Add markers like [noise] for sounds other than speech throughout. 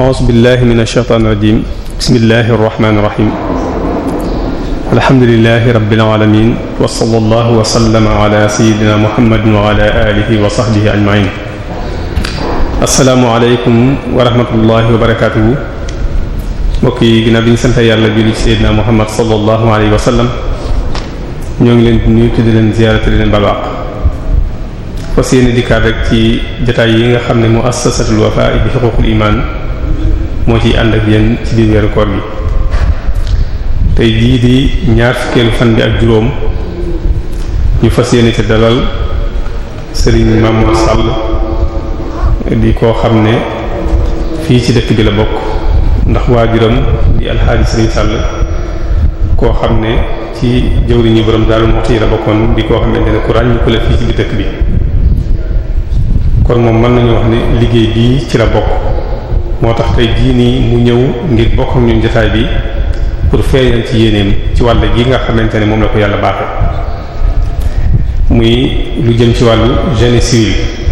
أعوذ بالله من الشيطان الرجيم بسم الله الرحمن الرحيم الحمد لله رب العالمين وصلى الله وسلم على سيدنا محمد وعلى آله وصحبه أجمعين asalaamualeykum wa rahmatullahi wa barakaatuhu mbokk yi ginnaaw bi ñu sant yàlla julli ci Seydina Muhammad sallallahu alayhi wa sallam ñoo ngi leen di nuyu di leen ziyaarate leen balwaq fas ci jotaay yi nga xam ne muassasatul Wafa bi xuququl iman moo ci ànd ak yéen ci biir weeru koor gi tey jii di ñaar fukkeelu fan bi ak juróom ñu fas yéene ci dalal Serigne Mamour Sall di koo xam ne fii ci dëkk bi la bokk ndax waajuram di alxaaji Sëriñ Sàll koo xam ne ci jëwriñu borom Daaru Muxti la bokkoon di koo xamante ne ku ràññiku la fii ci biir dëkk bi kon moom mën nañu wax ne liggéey bii ci la bokk moo tax tey jii nii mu ñëw ngir bokk ñun jotaay bi pour feeñal ci yéeneem ci wàll gi nga xamante ne moom la ko yàlla baaxe muy lu jëm ci wàllu génie civil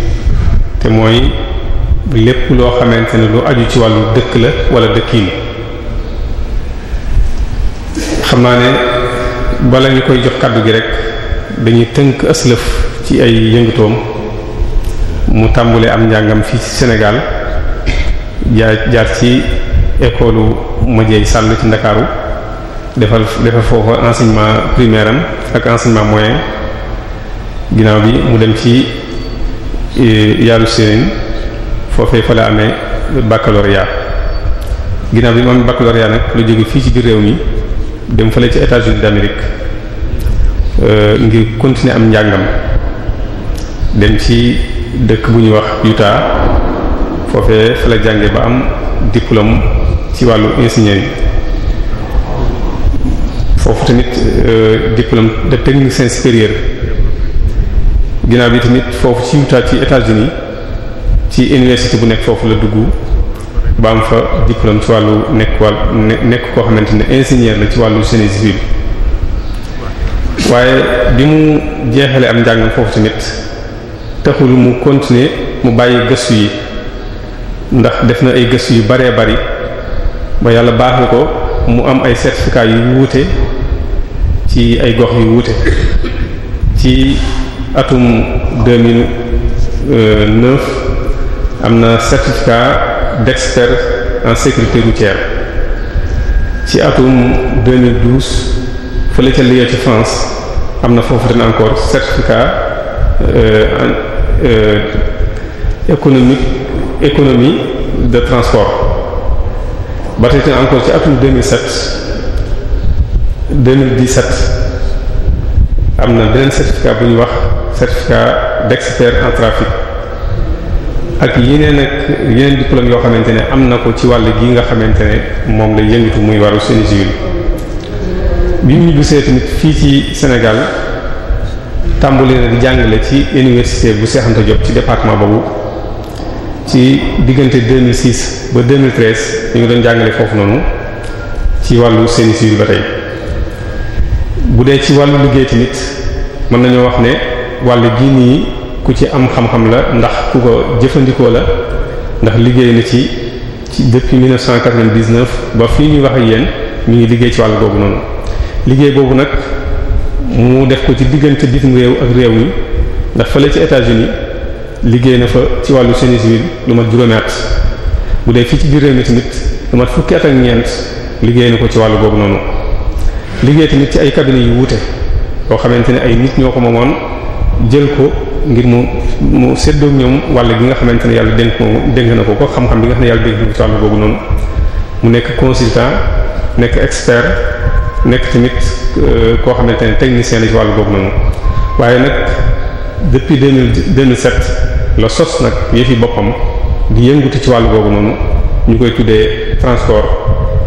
te mooy lépp loo xamante ne lu aju ci wàllu dëkk la wala dëkkiin xam naa ne bala ñu koy jox kàddu gi rek dañuy tënk aslëf ci ay yëngatoom mu tàmbule am njàngam fii ci Sénégal jaar jaar ci école Madiaye Sall ci Ndakaaru defal defal foofa enseignement primaire ak enseignement moyen ginnaaw bi mu dem ci yaalu séeréen foofee fa la amee baccalauréat ginnaaw bi mu amee baccalauréat nag lu jóge fii ci biir réew mi dem fële ci États-Unis d'Amérique euh, ngir continuer am njàngam dem ci dëkk bu ñuy wax Utah foofee fa la jànge ba am diplôme ci wàllu ingénieur yi foofu tamit euh, diplôme de technicien supérieur ginaaw bi tamit foofu ci Utah ci États-Unis ci université bu nekk foofu la dugg ba am fa diplôme ci wàllu nekk wàll nekk koo xamante ne ingénieur la ci wàllu génie civil waaye bi mu jeexalee am njàngam foofu tamit taxul mu continuer mu bàyyi gëstu yi ndax def na ay gëstu yu baree bari ba yàlla baaxal ko mu am ay certificat yu wuute ci ay gox yu wuute ci atum 2009 am na certificat d'expert en sécurité routière ci atum 2012 fële ca Lyon ci France am na foofu ren encore certificat euh, euh, économique économie de transport ba tey encore ci atum 2007 2017 am na beneen certificat bu ñu wax certificat d'expert en trafic ak yeneen ak yeneen yoo xamante ne am na ko ci wàll gi nga xamante ne moom lay yëngatu muy waru seeni civil bi ñu gisee tamit fii ci Sénégal tàmbali na di jàngale ci université bu Cheikh jot ci département boobu ci diggante 2006 ba 2013 ñu ngi doon jàngale foofu noonu ci wàllu seeni civil ba tey bu dee ci wàllu liggéey tamit mën nañoo wax ne wàll gi nii ku ci am xam-xam la ndax ku ko jëfandikoo la ndax liggéey na ci ci depuis 1999 ba fii ñuy wax ak yéen mi ngi liggéey ci wàll boobu noonu liggéey boobu nag mu def ko ci diggante bitim réew ak réew mi ndax fële ci états liggéey na fa ci wàllu génie civil lu mat juróomi bu dee fii ci biir réew mi tamit lu mat fukki at ak ñeent liggéey na ko ci wàll boobu noonu liggéey tamit ci ay cabinet yu wuute yoo xamante ne ay nit ñoo ko moomoon jël ko ngir mu mu séddoo ñoom wàll gi nga xamante ne yàlla dénk ko dénk na ko ko xam-xam bi nga xam ne yàlla dénk na ci wàll boobu noonu mu nekk consultant nekk expert nekk tamit euh, koo xamante ne technicien la ci wàllu boobu noonu waaye nag depuis deux mille deux mille la sos nag fi boppam di yëngutu ci wàllu boobu noonu ñu koy tuddee transport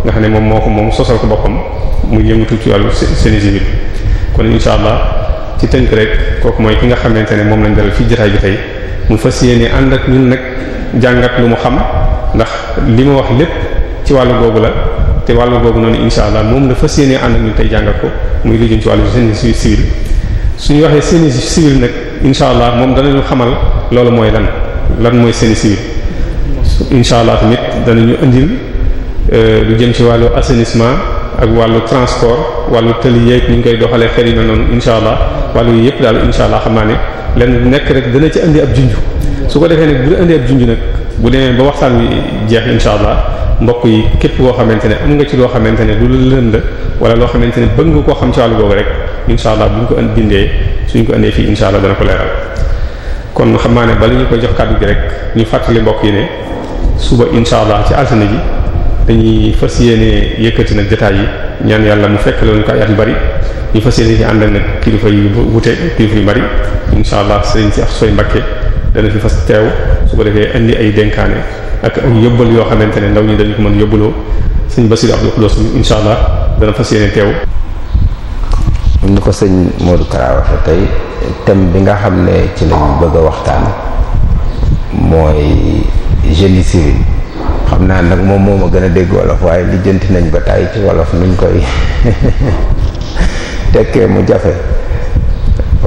nga xam ne moom moo ko moom sosal ko boppam mu yëngutu ci wàllu sénési bi kon incha allah. ci tënk rek kooku mooy ki nga xamante ne moom lañ dalal fii jotaay bi tey mu fas yéene ànd ak ñun nag jàngat lu mu xam ndax li mu wax lépp ci wàll googu la te wàllu googu noonu incha allah moom la fas yéene ànd ak ñun tey jàngat ko muy lu jëm ci wàllu génie civil suñu waxee génie civil nag incha allah moom danañu xamal loolu mooy lan lan mooy génie civil incha allah tamit danañu indil euh, lu jëm ci wàllu assainissement. ak wàllu transport wàllu tëli yeeg ni ñu koy doxalee xel yi mel noonu incha allah wàllu yi yëpp daal incha allah xam naa ne lenn nekk rek dana ci indi ab junj su ko defee nag bu indi ab junj nag bu demee ba waxtaan wi jeex incha allah mbokk yi képp koo xamante ne am nga ci loo xamante ne lu lënd la wala loo xamante ne bëgg nga koo xam ci wàllu boobu rek incha allah buñ ko bindee suñ ko indee fii incha allah dana ko leeral kon xam naa ne bala ñu koy jox gi rek ñu fàttali mbokk yi ne suba incha allah ci altine ji dañuy fas yéene yëkkati nag jotaay yi ñaan yàlla mu fekk loolu ko ay at yu bari ñu fas yéene ci ànd nag kilifa yu wute kilifa yu bari insha allah sëriñ si ak sooy fi fas teew su ko defee indi ay dénkaane ak ay yóbbal yoo xamante ne ndaw ñi dañu ko mën yóbbuloo sëñ Basiru Abdou Xudoos insha allah dana fas yéene teew ni ko sëñ Modou Kara waxe tey thème bi nga xam ne ci lañu bëgg a waxtaan mooy génie civil xam naa nag moom moo ma gën a dégg wolof waaye lijjanti nañ ba tàyyi ci wolof nuñ koy [laughs] tekkee mu jafe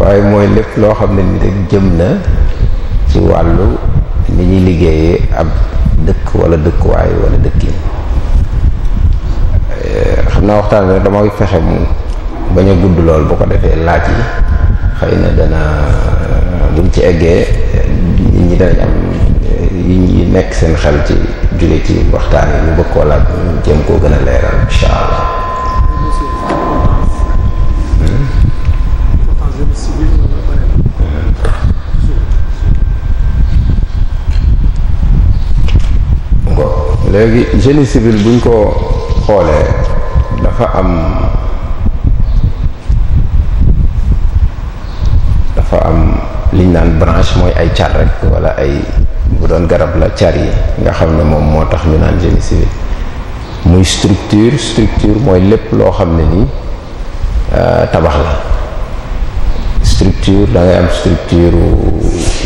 waaye mooy lépp loo xam ne ni rek jëm na ci wàllu ni ñuy liggéeyee ab dëkk wala dëkkuwaay wala dëkkin eh, xam naa waxtaan bi nag damay fexe mu bañ gudd lool boo ko defee laaj yi xëy na dana buñ ci eggee ñi danañ am eh, yi nekk seen xel ci jóge ci waxtaan yi mu bëgg koo laaj ñu jéem koo gën a leeral incha allah. bon léegi génie civil buñ ko xoolee dafa am dafa am liñ naan branche mooy ay car rek wala ay. bu doon garab la car yi nga xam ne moom moo tax ñu naan génie civil muy structure structure mooy lépp loo xam ne nii euh, tabax la structure da ngay am structure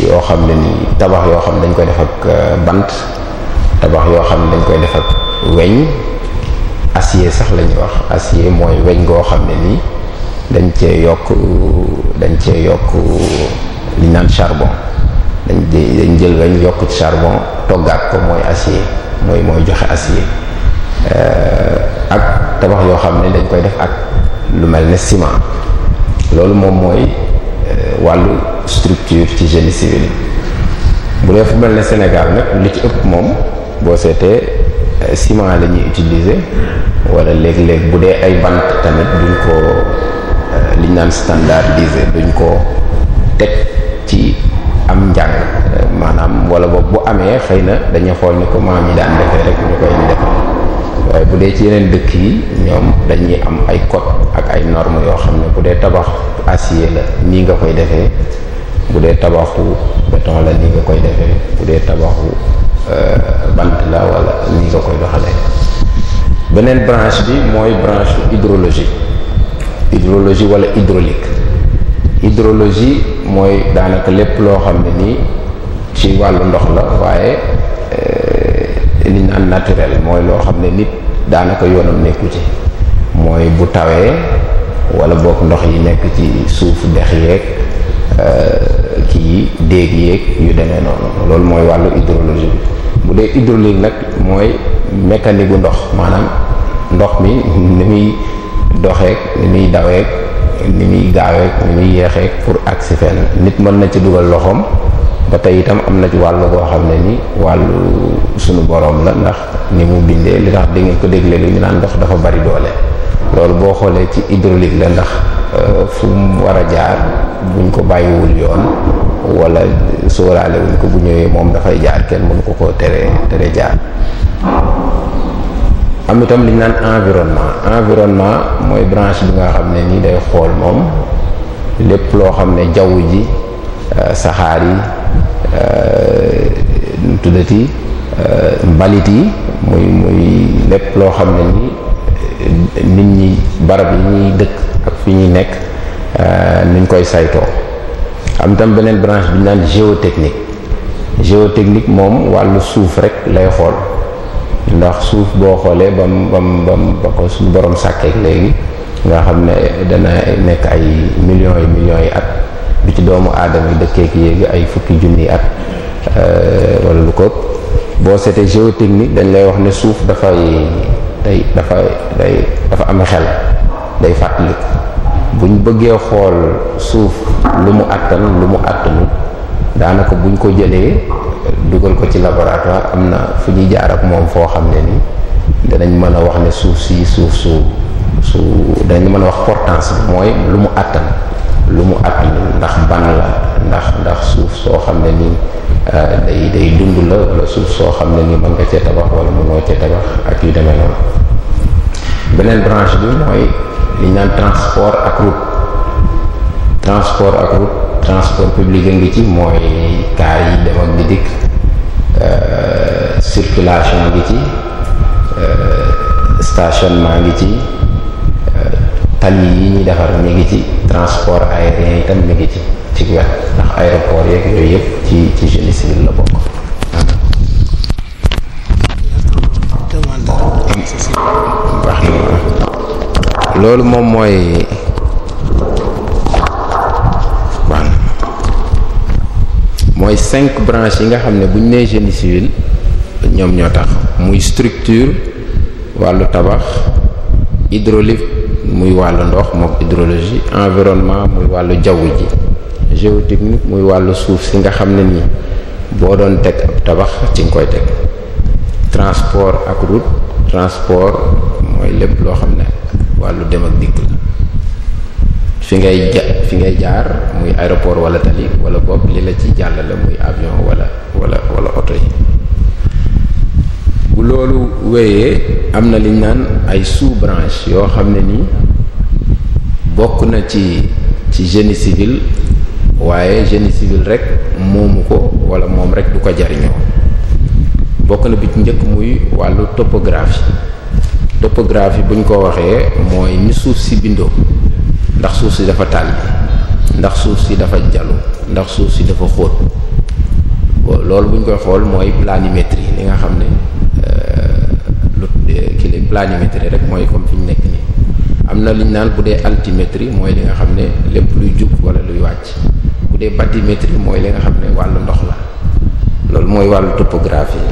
yoo xam ne nii tabax yoo xam ne dañ koy def ak euh, bant tabax yoo xam ne dañ koy def ak weñ acier sax la ñuy wax acier mooy weñ goo xam ne nii dañ cee yokk dañ cee yokk li naan charbon dañ dañ jël lañ yokk ci charbon toggaat ko mooy acier mooy mooy joxe acier euh, ak tabax yoo xam ne dañ koy def ak lu mel ne ciment loolu moom mooy euh, wàllu structure ci génie civil bu dee fu mel ne Sénégal nag li ci ëpp moom boo seetee euh, ciment la ñuy utiliser wala léeg-léeg bu dee ay bant tamit duñ ko liñ naan standardisé duñ ko teg ci am njàng maanaam wala boobu bu amee xëy na dañu xool ni ko maam yi daan defee rek ñu koy def waaye bu dee ci yeneen dëkk yi ñoom dañuy am ay code ak ay normes yoo xam ne bu dee tabax acier la nii nga koy defee bu dee tabaxu béton la nii nga koy defee bu dee tabaxu euh, bant la wala nii nga koy doxalee beneen branche bi mooy branche hydrologie hydrologie wala hydraulique hydrologie mooy daanaka lépp loo xam ne nii ci wàllu ndox la waaye euh, li ñu naan naturel mooy loo xam ne nit daanaka yoonam nekku ci mooy bu tawee wala bokk ndox yi nekk ci suuf dex yeeg euh, kii déeg yéeg yu demee noonu loolu mooy wàllu hydrologie bi bu dee hydraulique nag mooy mécanique bu ndox maanaam ndox mi ni muy doxeek ni muy daweek ni muy gaawee ni muy yeexee pour agsi fenn nit mën na ci dugal loxoom ba tey itam am na ci wàllu koo xam ne ni wàllu sunu boroom la ndax ni mu bindee li tax da ko dégle li ñu naan ndox dafa bari doole loolu boo xoolee ci hydraulique la ndax euh, fu mu war a jaar buñ ko bàyyiwul yoon wala sóoraale wuñ ko bu ñëwee moom dafay jaar kenn mënu ko ko tere tere jaar am itam li naan environnement environnement mooy branche bi nga xam ne nii day xool moom lépp loo xam ne jaww ji euh, saxaar yi euh, nu tuddati euh, mbalit yi muy muy lépp loo xam ne nit ñi barab yi ñuy dëkk ak fi ñuy nekk nuñ koy saytoo am itam beneen branche bi ñu naan géotechnique géotechnique moom wàllu suuf rek lay xool ndax suuf boo xoolee bam bam bam ba ko suñu borom sàkkeek léegi nga xam ne dana nekk ay millions yi millions yi at bi ci doomu aadama yi dëkkeek yéegi ay fukki junni at euh, wala lu ko boo seetee géotechnique dañ lay wax ne suuf dafay day dafay dafa am xel day fàttali buñ bëggee xool suuf lu mu àttan lu mu àttanu daanaka buñ ko jëlee dugal ko ci laboratoire am na fu ñu jaar ak moom foo xam ne ni danañ mën a wax ne suuf si suuf su su danañ mën a wax portance bi mooy lu mu àttan lu mu àttan ndax ban la ndax ndax suuf soo xam ne nii euh, day day dund la wala suuf soo xam ne nii mën nga cee tabax wala mënoo cee tabax ak yu demee noonu beneen branche bi mooy li ñu naan transport ak route transport ak route transport public a ngi ci mooy car yi dem ak di euh, circulation ngi ci euh, stationnement ngi ci euh, tali yi ñuy defar mi ngi ci transport aérien itam mi ngi ci ci wet ndax aéroport yooyu yëpp ci ci génie civil la bokk loolu moom mooy mooy cinq branches yi nga xam ne bu ñu nee génie civil ñoom ñoo tax muy structure wàllu tabax hydraulique muy wàllu ndox mook hydrologie environnement muy wàllu jaww ji géotechnique muy wàllu suuf si nga xam ne nii boo doon teg ab tabax ci nga koy teg transport ak route transport mooy lépp loo xam ne wàllu dem ak dikk la fi ngay fi ngay jaar muy aéroport wala tali wala boog li la ci jàllale muy avion wala wala wala oto yi bu loolu wéyee am na liñ naan ay sous branche yoo xam ne ni bokk na ci ci génie civil waaye génie civil rek moomu ko wala moom rek du ko jariñoo bokk na bi ci njëkk muy wàllu topographie topographie buñ ko waxee mooy ni suuf si bindoo ndax suuf si dafa tàlli ndax suuf si dafa jalu ndax suuf si dafa xóot loolu bu ñu koy xool mooy planimétrie li nga xam ne euh, lu ki li planimétrie rek mooy comme fi ñu nekk nii am na lu ñu naan bu dee altimétrie mooy li nga xam ne lépp luy jug wala luy wàcc bu dee bathymétrie mooy li nga xam ne wàllu ndox la loolu mooy wàllu topographie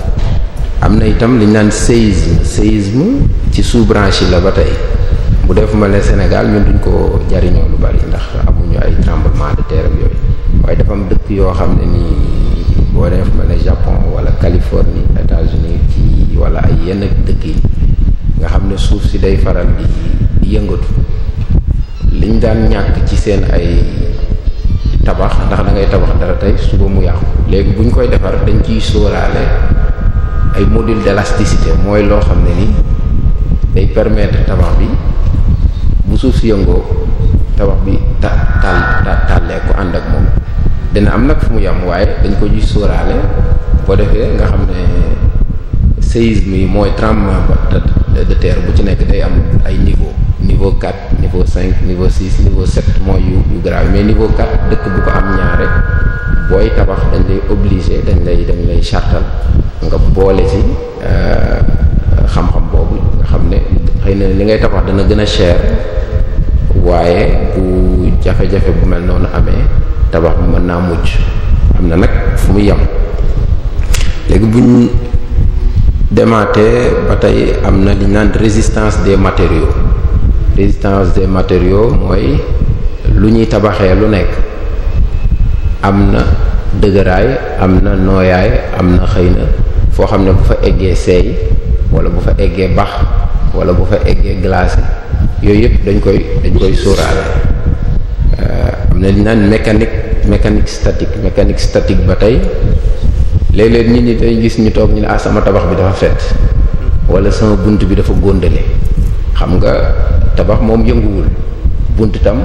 am na itam li ñu naan séisme séisme ci sous-branche la ba tey bu def malee Sénégal ñun duñ ko jariñoo lu bari ndax amuñu ay tremblement de terre yooyu waaye dafa dëkk yoo xam ne nii boo def ne Japon wala Californie états uni ci wala ay yenn dëkk yi nga xam ne suuf si day faral di yëngatu liñ daan ñàkk ci seen ay tabax ndax dangay tabax dara tey suba mu yàqu léegi buñ koy defar dañ ciy sóoraale ay module d'élasticité mooy loo xam ne ni day permettre tabax bi suuf si tabax bi ta taal tàllee ko ànd ak moom dina am nag fu mu yam waaye dañ ko ji sóoraale boo defee nga xam ne séisme yi mooy tremblement de terre bu ci nekk day am ay niveau niveau 4 niveau 5 niveau 6 niveau 7 mooy yu yu grave mais niveau 4 dëkk bu ko am ñaar rek booy tabax dañ lay obligé dañ lay dañ lay chartal nga boole ci euh, xam-xam boobu nga xam ne xëy na li ngay tabax dana gën a cher waaye bu jafe-jafe bu mel noonu amee tabax bi mën naa mujj am na nag fu mu yem léegi buñ demaatee ba tey am na li ñu naan résistance des matériaux résistance des matério mooy lu ñuy tabaxee lu nekk am na dëgëraay am na nooyaay am na xëy na foo xam ne bu fa eggee seey wala bu fa eggee bax wala bu fa eggee glacé yooyu yëpp dañ koy dañ koy sóoraale euh, am na naan mécanique mécanique statique mécanique statique ba tey léeg-léeg nit ñi dañ gis ñu toog ñu ne ah sama tabax bi dafa fet wala sama bunt bi dafa góndale xam nga tabax moom yënguwul bunt tam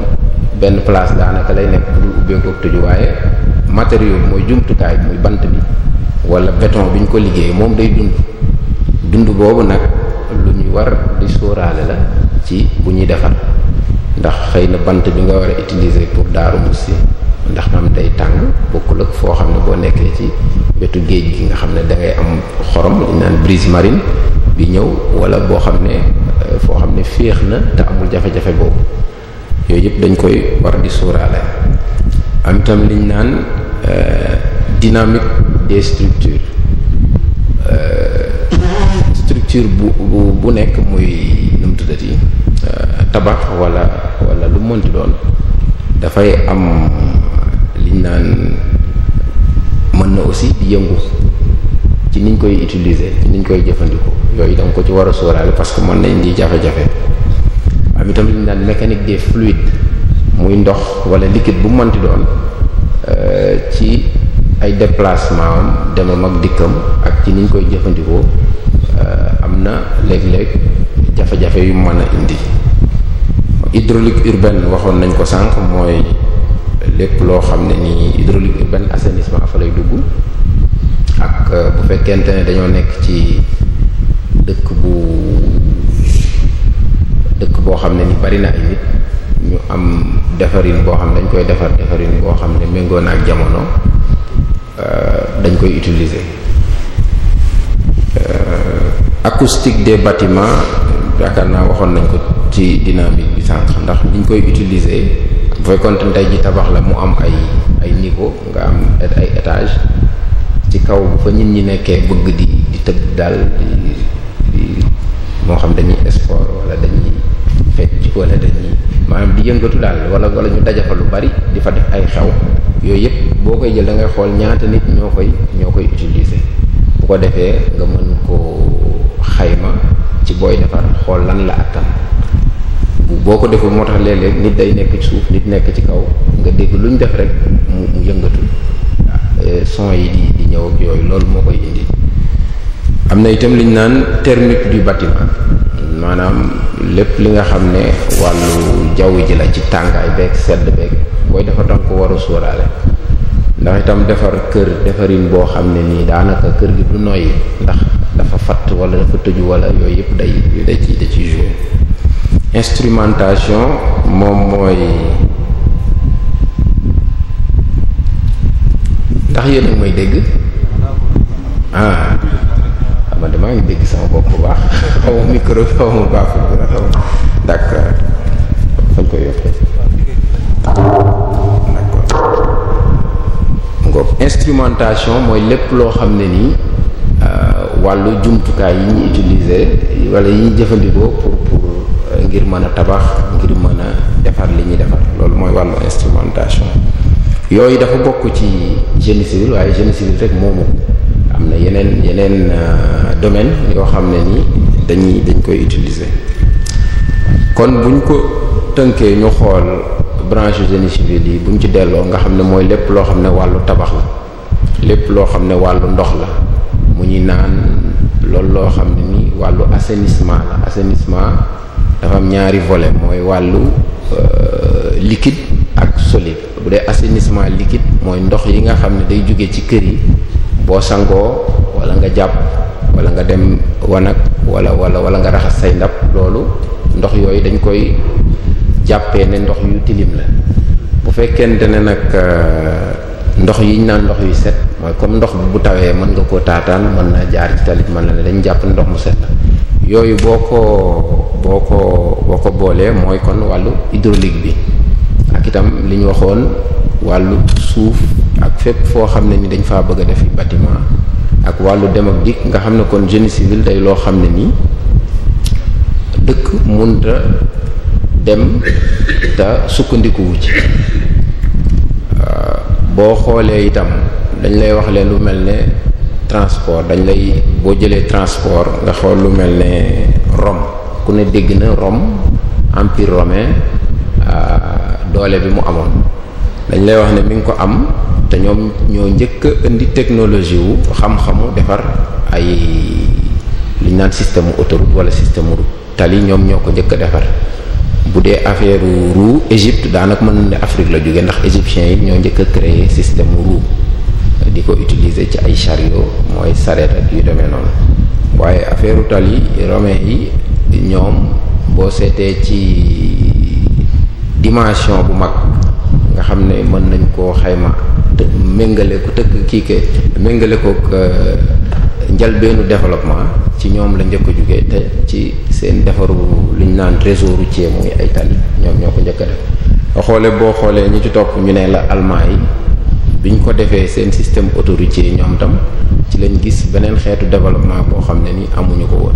benn place daanaka lay nekk bu dul ubbeekoo tëju waaye matériaux mooy jumtukaay muy bant bi wala béton bi ñu ko liggéey moom day dund dund boobu nag lu ñuy war di sóoraale la ci bu ñuy defar ndax xëy na bant bi nga war a utiliser pour daaru musi ndax am day tàng bokkul ak foo xam ne boo nekkee ci wetu géej gi nga xam ne da am xorom li naan brise marine bi ñëw wala boo xam ne euh, foo xam ne féex na te amul jafe-jafe boobu yooyu yëpp dañ koy war di suuraale am tam liñ naan euh, dynamique des structures euh, structure bu bu bu nekk muy nu mu tuddati tabax wala wala lu mënti doon dafay am liñ naan mën na aussi yëngu ci niñ koy utiliser ci niñ koy jëfandikoo yooyu da ko ci war a sóoraale parce que mën na di jafe-jafe am itam naan mécanique des fluides muy ndox wala liquide bu mënti doon euh, ci ay déplacement am ak dikkam ak ci niñ koy jëfandikoo euh, am na léeg-léeg jafe-jafe yu mën a indi hydraulique urbaine waxoon nañ ko sànq mooy lépp loo xam ne nii hydraulique urbaine assainissement fa lay dugg ak euh, bu fekkente ne dañoo nekk ci dëkk bu dëkk boo xam ne ni bari na ay nit ñu am defarin boo xam ne dañ koy defar defarin boo xam ne méngoon na ak jamono euh, dañ koy utiliser euh, acoustique de batiment yaakaar naa waxoon nañ ko ci dynamique bi sànq ndax ñu koy utiliser bu fekkoon tey ji tabax la mu am ay ay niveau nga am ay étage ci kaw bu fa nit ñi nekkee bëgg di di daal di di moo xam dañuy sport wala dañuy fecc wala dañuy maanaam di yëngatu daal wala wala ñu daja dajafa lu bari di fa def ay xew yooyu yëpp boo koy jël da ngay xool ñaata nit ñoo koy ñoo koy utiliser bu ko defee nga mën koo xayma ci booy defar xool lan la attan boo ko deful moo tax léeg-léeg nit day nekk ci suuf nit nekk ci kaw nga dégg lu ñu def rek mu mu yëngatu eh, son yi di di ñëw yooyu loolu moo koy indi am na itam liñ naan thermique du bâtiment maanaam lépp li nga xam ne wàllu jaww ji la ci tàngaay beeg sedd beeg booy defar danga ko war a sóoraale ndax itam defar kër defarin boo xam ne nii daanaka kër gi du noyyi ndax dafa fatt wala dafa tëju wala yooyu yëpp day day ci da instrumentation moom mooy ndax yéen a may dégg ah ama damaa ngi dégg sama bopp bu baax [laughs] xaw ma micro bi xaw ma baaxul dina xaw d'accord fañ ko yokkee d'accord instrumentation mooy lépp loo xam ne nii euh, wàllu jumtukaay yi ñu utiliser wala yi ñu jëfandikoo pour pour euh, ngir mën a tabax ngir mën a defar li ñuy defar loolu mooy wàllu instrumentation yooyu dafa bokk ci génie civil waaye génie civil rek moomu am na yeneen yeneen euh, domaine yoo xam ne ni dañuy dañ koy utiliser kon buñ ko tënkee ñu xool branche génie civil yi buñ ci delloo nga xam ne mooy lépp loo xam ne wàllu tabax la lépp loo xam ne wàllu ndox la mu ñu naan loolu loo xam ne ni wàllu assainissement la assainissement dafa am ñaari volet mooy wàllu euh, liquide ak solide bu dee assainissement liquide mooy ndox yi nga xam ne day jóge ci kër yi boo sangoo wala nga jàpp wala nga dem wanag wala wala wala nga raxas say ndab loolu ndox yooyu dañ koy jàppee ne ndox yu tilim la bu fekkente ne nag euh, ndox yi ñu naan ndox yu set mooy comme ndox bu tawee mën nga koo taataan mën naa jaar ci talit mën na ne dañ jàpp ndox mu set la yooyu boo ko boo ko ko boolee mooy kon wàllu hydraulique bi ak itam li ñu waxoon wàllu suuf ak fépp foo xam ne ni dañ faa bëgg a def bâtiment ak wàllu dem ak dikk nga xam ne kon génie civil day loo xam ne nii dëkk mun dem te sukkandikuwu ci boo xoolee itam dañ lay wax leen lu mel ne transport dañ lay boo jëlee transport nga xool lu mel ne Rome ku ne dégg na Rome empire romain euh, doole bi mu amoon dañ lay wax ne mi ngi ko am te ñoom ñoo njëkk a indi technologie wu xam-xamu defar ay liñ naan système autoroute wala système route tali ñoom ñoo ko njëkk a defar bu dee affaire roue Égypte daanaka mën nañ ne Afrique la jógee ndax égyptiens yi ñoo njëkk a créer système roue di ko utiliser ci ay chariot mooy sareet ak yu demee noonu waaye affaire tali romain yi ñoom boo seetee ci dimension bu mag nga xam ne mën nañ koo xayma méngale ko tëgg kii ke méngale ko njalbeenu développement ci ñoom la njëkk a jugee te ci seen defaru li ñu naan réseau routier muy ay tali ñoom ñoo ko njëkk a def xoole boo xoolee ñu ci topp ñu ne la allemand yi biñ ko defee seen système autoroutier ñoom tam ci lañ gis beneen xeetu développement boo xam ne ni amuñu ko woon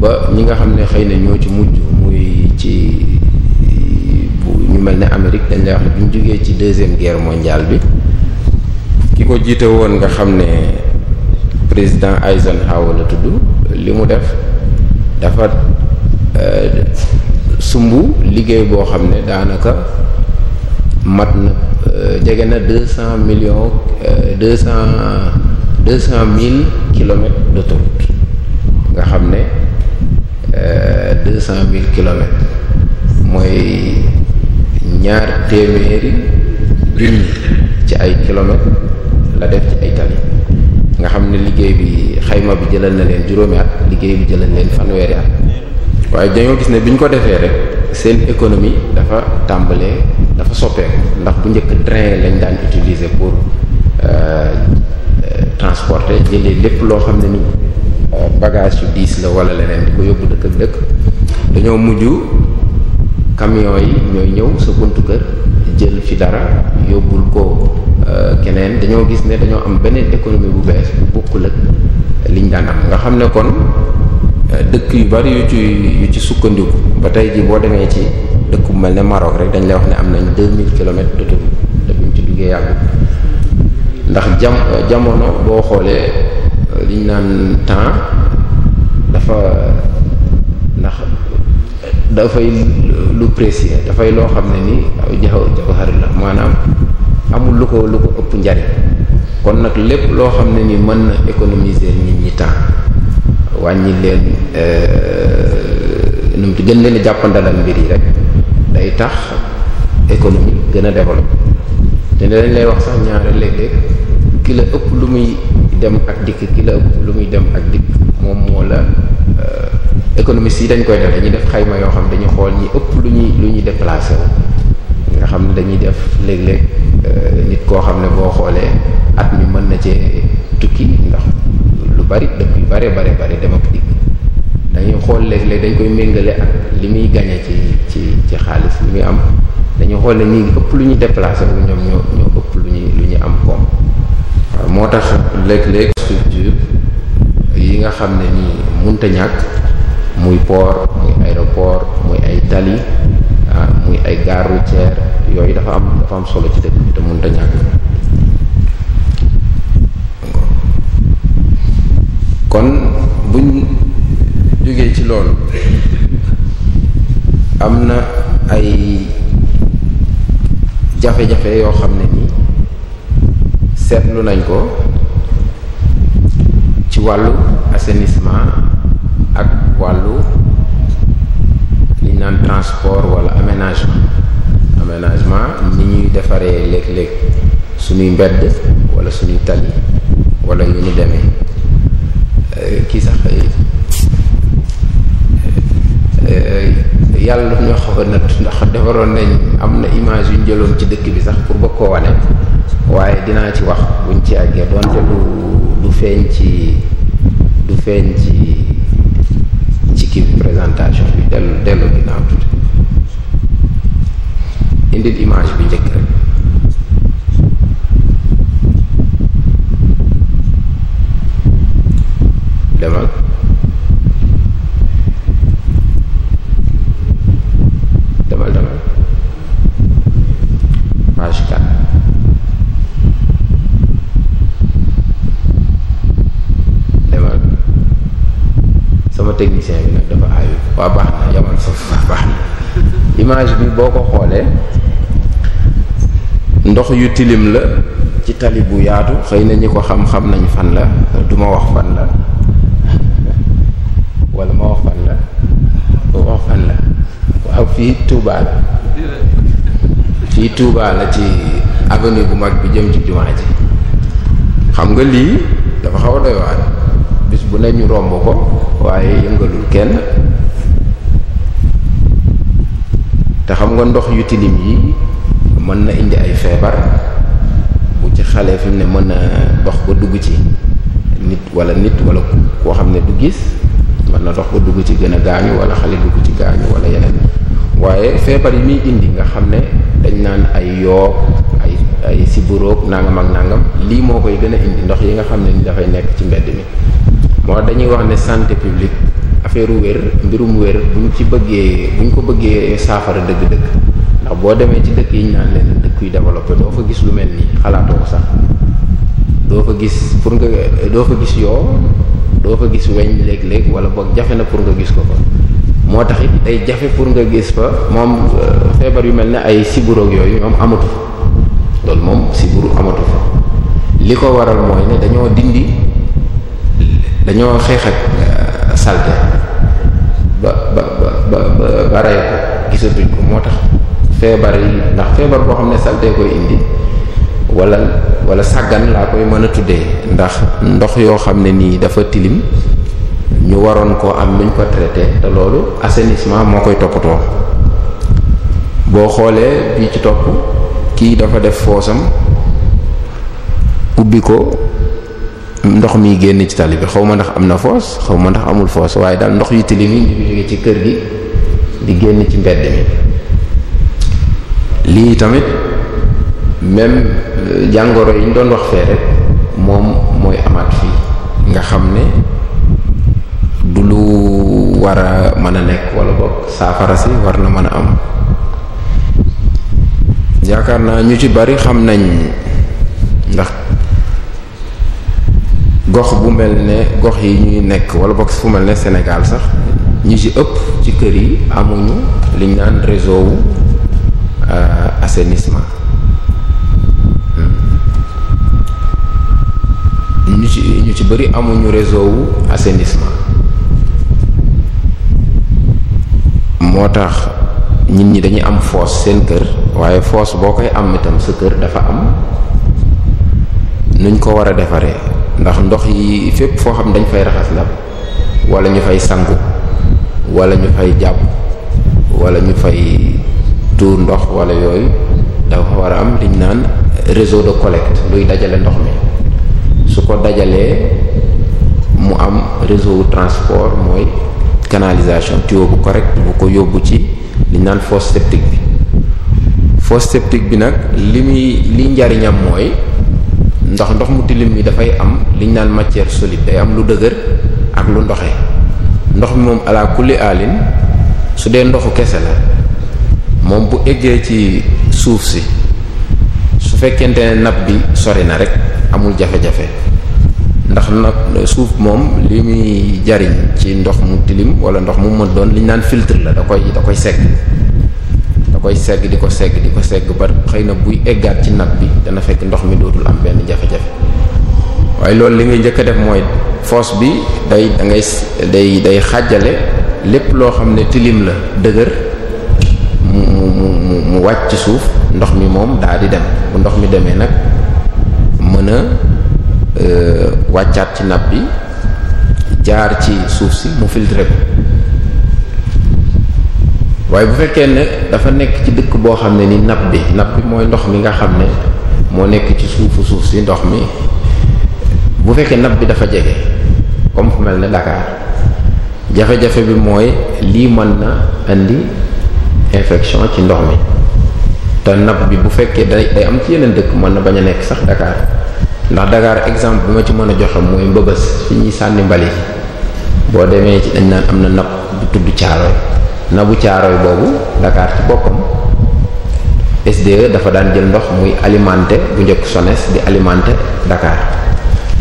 ba ñi nga xam ne xëy na ñoo ci mujj muy ci bu ñu mel ni amerique dañ lay wax ne bi ñu jugee ci deuxième guerre mondiale bi ki ko jiite woon nga xam ne président Eisenhower la tudd li mu def dafa euh, sumb liggéey boo xam ne daanaka mat na euh, jege na deux cent millions euh, deux cent deux cent mille kilomètres d'autoroute nga xam ne deux cent mille kilomètres mooy ñaar téeméeri junni ci ay kilomètres la def ci ay tali nga xam ne liggéey bi xayma bi jëlal na leen juróomi at liggéey bi jëlal leen fanweeri at waaye dañoo gis ne bi ñu ko defee rek seen économie dafa tàmbalee dafa soppeeku ndax bu njëkk train lañ daan utiliser pour euh, transporter jëlee lépp loo xam ne ni euh, bagage diis la wala leneen di ko yóbbu dëkk ak dëkk dañoo mujj camion yi ñooy ñëw sa buntu kër jël fi dara yóbbul ko euh, keneen dañoo gis ne dañoo am beneen économie bu bees bu bokkul ak liñ daan am nga xam ne kon euh, dëkk yu bari yu ci yu ci sukkandiku ba tey jii boo demee ci dëkk bu mel ne Maroc rek dañ lay wax ne am nañ 2000 kilomètres d'autoroute te buñ ci duggee yàggu ndax jam euh, jamono boo xoolee liñ naan temps dafa ndax dafay lu précis dafay loo xam ne ni jaxaw jawhar la maanaam amul lu ko lu ko ëpp njariñ kon nag lépp loo xam ne ni mën na économiser nit ñi temps wàññi leen euh, nu mu gën leen jàppandalal mbir yi rek day tax économie gën a développé te dañ lay wax sax ñaare léeg-léeg ki la ëpp lu muy dem ak dikk ki la ëpp lu muy dem ak dikk moom moo la économistes yi dañ koy def dañuy def xayma yoo xam ne dañu xool ñi ëpp lu ñuy lu ñuy déplacé nga xam ne dañuy def léeg-léeg euh, nit koo xam ne boo xoolee at mi mën na cee tukki ndax lu bari dëkk yu bare bare bari dem ak dañuy xool léeg-léeg dañ koy méngale ak li muy gañe ci ci ci xaalis li muy am dañuy xool ne ñi ëpp lu ñuy déplacé ñoom ñoo ñoo ëpp lu ñuy lu ñuy am koom moo tax léeg-léeg structure yi nga xam ne nii munta ñàkk muy port muy aéroport muy ay tali ah muy ay gare routière yooyu dafa am dafa am solo ci dëkk te mënut a ñàkk kon buñ jógee ci loolu am na ay jafe-jafe yoo xam ne ni seetlu nañ ko ci wàllu assainissement ak wàllu li naan transport wala aménagement amenagement ni ñuy defaree léeg-léeg suñuy mbedd wala suñuy tali wala yu ñu demee euh, kii sax euh, euh, yàlla ñoo ndax defaroon nañ am na image yu ñu ci dëkk bi sax pour bëgg koo wane waaye dinaa ci wax buñ ci àggee doonte du du feeñ ci du feeñ ci. kii présentation bi dellu dellu ginnaaw tuuti indil image bi njëkk rek demal technicien bi nag dafa aayu waa baax na yamal foofu waa baax na image bi boo ko xoolee ndox yu tilim la ci tali bu yaatu xëy na ñi ko xam-xam nañ fan la du ma wax fan la wala ma wax fan la ma wax fan la waaw fii Touba la fii Touba la ci avenue bu mag bi jëm ci jumaa ji xam nga lii dafa xaw a doy waar bis bu ne ñu romb ko waaye yëngalul kenn te xam nga ndox yu tilim yi mën na indi ay feebar bu ci xale fi mu ne mën na dox ko dugg ci nit wala nit wala koo xam ne du gis mën na dox ba dugg ci gën a gaañu wala xale dugg ci gaañu wala yeneen waaye feebar yi muy indi nga xam ne dañ naan ay yoo ay ay siburoog nangam ak nangam lii moo koy gën a indi ndox yi nga xam ne ni dafay nekk ci mbedd mi moo dañuy wax ne santé publique affaire wér mbirum wér buñ ci bëggee bu ñu ko bëggee saafara dëgg-dëgg ndax boo demee ci dëkk yi ñu naan leen dëkk yu doo fa gis lu mel nii xalaatoo ko sax doo fa gis pour nga doo fa gis yoo doo fa gis weñ léeg-léeg wala boog jafe na pour nga gis ko fa moo tax it day jafe pour nga gis fa moom euh, feebar yu mel ne ay siburoog yooyu ñoom amatu fa loolu moom siburu amatu fa li ko waral mooy ne dañoo dindi. dañoo xeex ak euh, salte ba ba ba ba rey ko gisatuñ ko moo tax feebar yi ndax feebar boo xam ne salte koy indi walla wala sàggan laa koy mën a tuddee ndax ndox yoo xam ne nii dafa tilim ñu waroon koo am luñ ko traité te loolu assainissement moo koy toppatoo boo xoolee bii ci topp kii dafa def foosam ubbi ko ndox mi génn ci tali bi xaw ma ndax am na foos xaw ma ndax amul foos waaye daal ndox yu tilim yi di jóge ci kër gi di génn ci mbedd mi lii tamit même euh, jàngoro yi doon wax fee rek moom mooy amaat fii nga xam ne du lu war a mën a nekk wala bokk saafara si war na mën a am yaakaar naa ñu ci bari xam nañ ndax gox bu mel ne gox yi ñuy nekk wala box fu mel ne Sénégal sax ñi ci ëpp ci kër yi amuñu liñ naan réseau wu euh, assainissement hmm. ñu ci ñu ci bëri amuñu réseau wu moo tax nit ñi dañuy am foos seen kër waaye foos boo koy am itam sa kër dafa am nuñ ko war a defaree ndax ndox yi fépp foo xam ne dañ fay raxas la wala ñu fay sangu walla ñu fay jàpp wala ñu fay tuur ndox wala yooyu dafa war a am liñ naan réseau de collecte luy dajale ndox mi su ko dajalee mu am réseau transport mooy canalisation tuyau bu correct bu ko yóbbu ci liñ naan fosse septique bi fosse septique bi nag li muy li njariñam mooy ndax ndox mu tilim mi dafay am liñ naan matière solide day am lu dëgër ak lu ndoxe ndox mi moom ala kulli alin su dee ndoxu kese la moom bu eggee ci suuf si su fekkente ne napp bi sori na rek amul jafe-jafe ndax nag suuf moom li muy jariñ ci ndox mu tilim wala ndox mu mën doon li ñu naan filtre la da koy da koy sekk da koy segg di ko segg di ko segg ba xëy na buy eggaat ci nab bi dana fekk ndox mi dootul am benn jafe-jafe waaye loolu li ngay njëkk a def mooy fosse bi day dangay ngay day day xàjjale lépp loo xam ne tilim la dëgër mu mu mu mu wàcc ci suuf ndox mi moom daa di dem bu ndox mi demee nag mën a euh, wàccaat ci nab bi jaar ci suuf si mu filtré ko waaye bu fekkee ne dafa nekk ci dëkk boo xam ne ni napp bi napp bi mooy ndox mi nga xam ne moo nekk ci suufu suuf si ndox mi bu fekkee nappe bi dafa jege comme fu mel ne Dakar jafe-jafe bi mooy lii mën na indi infection ci ndox mi te napp bi bu fekkee day day am ci yeneen dëkk mën na bañ a nekk sax dakaar ndax Dakar exemple bi ma ci mën a joxe mooy mbëbës fi ñuy sànni mbali boo demee ci dañ naan am na napp bu tudd Caaroy na bu caaroy boobu Dakar ci boppam SDE dafa daan jël ndox muy alimenté bu njëkk SONES di alimenté Dakar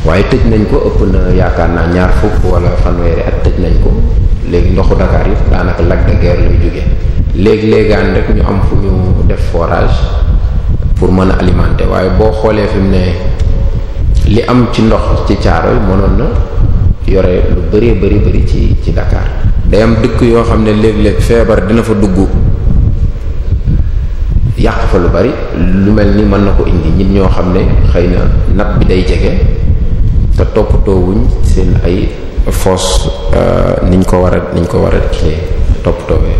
waaye tëj nañ ko ëpp na yaakaar naa ñaar fukk wala fanweeri at tëj nañ ko léegi ndoxu Dakar yëpp daanaka lac de lay jóge léegi léegaan rek ñu am fu ñu def forage pour mën a alimenter waaye boo xoolee fi mu ne li am ci ndox ci caaroy mënoon na yore lu bëree bëri bëri ci ci dakaar day am dëkk yoo xam ne léeg-léeg feebar dina fa dugg yàq fa lu bari lu mel ni mën na ko indi nit ñoo xam ne xëy na nat bi day jege te toppatoo wuñ seen ay foos euh, niñ ko war a niñ ko war a kilee toppatoo wee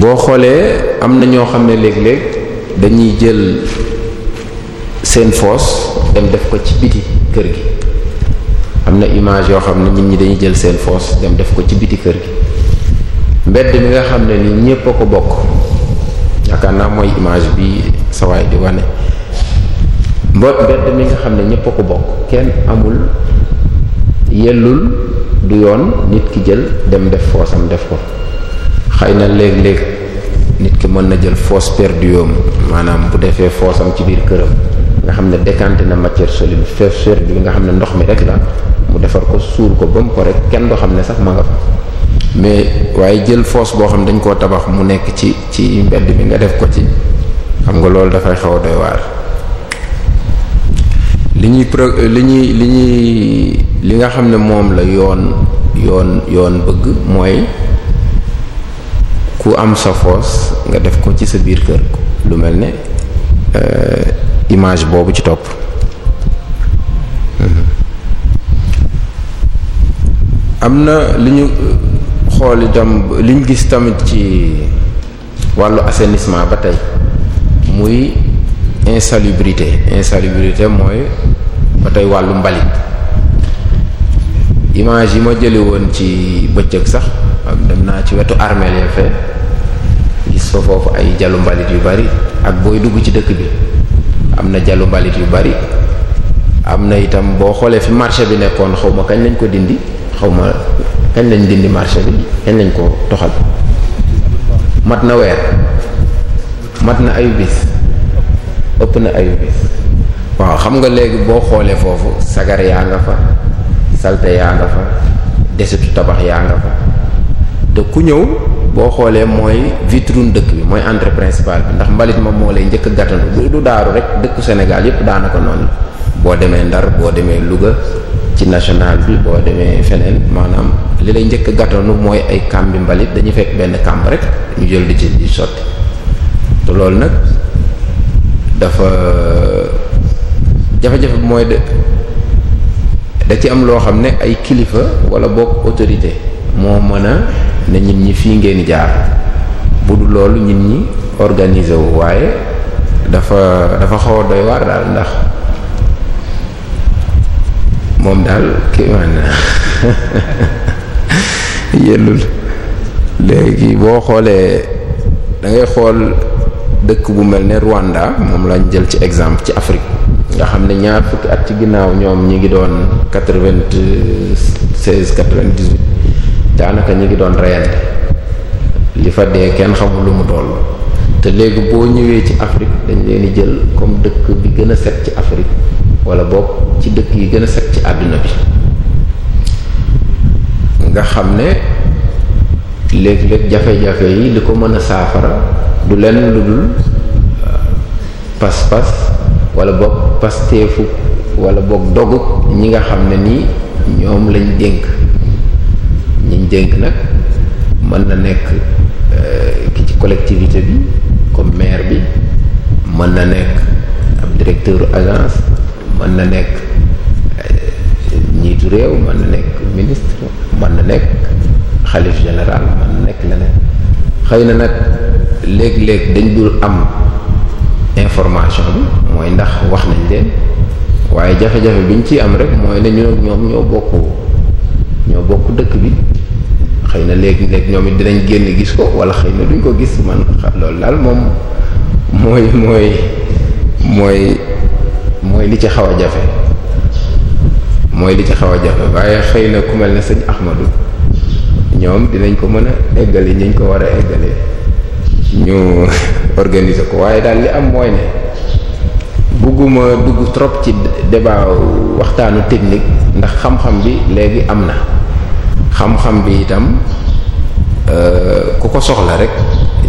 boo xoolee am na ñoo xam ne léeg-léeg dañuy jël seen foos dem def ko ci biti kër gi am na image yoo xam ne nit ñi dañuy jël seen foos dem def ko ci biti kër gi mbedd mi nga xam ne ni ñépp a ko bokk yaakaar naa mooy image bi sa waay di wane mbot mbedd mi nga xam ne ñépp a ko bokk kenn amul yellul du yoon nit ki jël dem def foosam def ko xëy na léeg-léeg nit ki mën na jël fosse perdue maanaam bu defee fosse am ci biir këram nga xam ne décanté na matière solide fosse perdue bi nga xam ne ndox mi rek la mu defar ko suur ko ba mu ko rek kenn doo xam ne sax ma nga fa mais waaye jël foos boo xam ne dañ koo tabax mu nekk ci ci mbedd mi nga def ko ci xam nga loolu dafay xaw a doy waar li ñuy pro li ñuy li ñuy li nga xam ne moom la yoon yoon yoon bëgg mooy ku am sa foos nga def ko ci sa biir kër lu mel ne euh, image boobu ci topp mm-hmm. am na li ñu xool itam li ñu gis tamit ci wàllu assainissement ba tey muy insalubrité insalubrité mooy ba tey wàllu mbalit image yi ma jële woon ci bëccëg sax ak dem naa ci wetu armeel ya fee gis fa foofu ay jalu mbalit yu bari ak booy dugg ci dëkk bi am na jalu mbalit yu bari am na itam boo xoolee fi marché bi nekkoon xaw ma kañ lañ ko dindi xawma ma kañ lañ dindi marché bi kañ lañ ko toxal mat na weer mat na ayu bis ëpp na ayu bis waaw xam nga léegi boo xoolee foofu sagar yaa nga fa salte yaa nga fa desitu tabax yaa nga fa te ku ñëw boo xoolee mooy vitrine dëkk bi mooy entrée principale bi ndax mbalit moom moo lay njëkk a gàttandu du daaru rek dëkku Sénégal yépp daanaka noonu boo demee Ndar boo demee Louga ci national bi boo demee feneen maanaam li lay njëkk a mooy ay kàmbi mbalit dañuy fekk benn kàmb rek ñu jël di ci di sotti te loolu nag dafa jafe-jafe bi mooy de da ci am loo xam ne ay kilifa wala bokk autorité moo mën a ne nit ñi fii ngeen jaar bu du loolu nit ñi organiser wu waaye dafa dafa xaw a doy waar daal ndax moom daal kii maanaam [laughs] yellul léegi boo xoolee da ngay xool dëkk bu mel ne Rwanda moom lañ jël ci exemple ci Afrique. nga xam ne ñaar fukki at ci ginnaaw ñoom ñi ngi doon quatre-vingt-seize vingt dix daanaka ñi ngi doon reyante li fa dee kenn xamul lu mu toll te léegi boo ñëwee ci Afrique dañ leen di jël comme dëkk bi gën a set ci Afrique wala boog ci dëkk yi gën a set ci àdduna bi nga xam ne léeg-léeg jafe-jafe yi li ko mën a saafara du lenn lu dul euh, pas-pas wala boog pasteefu wala boog dogu ñi nga xam ne nii ñoom lañ dénk ñiñ dénk nag mën na nekk euh, ki ci collectivité bi comme maire bi mën na nekk am directeur agence mën na nekk euh, njiitu réew mën na nekk ministre mën na nekk xalif général mën na nekk leneen xëy na nag léeg-léeg dañ dul am information bi mooy ndax wax nañ leen waaye jafe-jafe biñ ci am rek mooy ne ñoom ñoo bokk ñoo bokk dëkk bi xëy na léegi léegi ñoom it dinañ génn gis ko wala xëy na duñ ko gis man loolu daal moom mooy mooy mooy mooy li ci xaw a jafe mooy li ci xaw a jafe waaye xëy na ku mel ne sëñ Ahmadou ñoom dinañ ko mën a eggale ñiñ ko war a eggalee ñu organiser ko waaye daal li am mooy ne bugguma dugg trop ci débat waxtaanu technique ndax xam-xam bi léegi am na xam-xam bi itam euh, ku ko soxla rek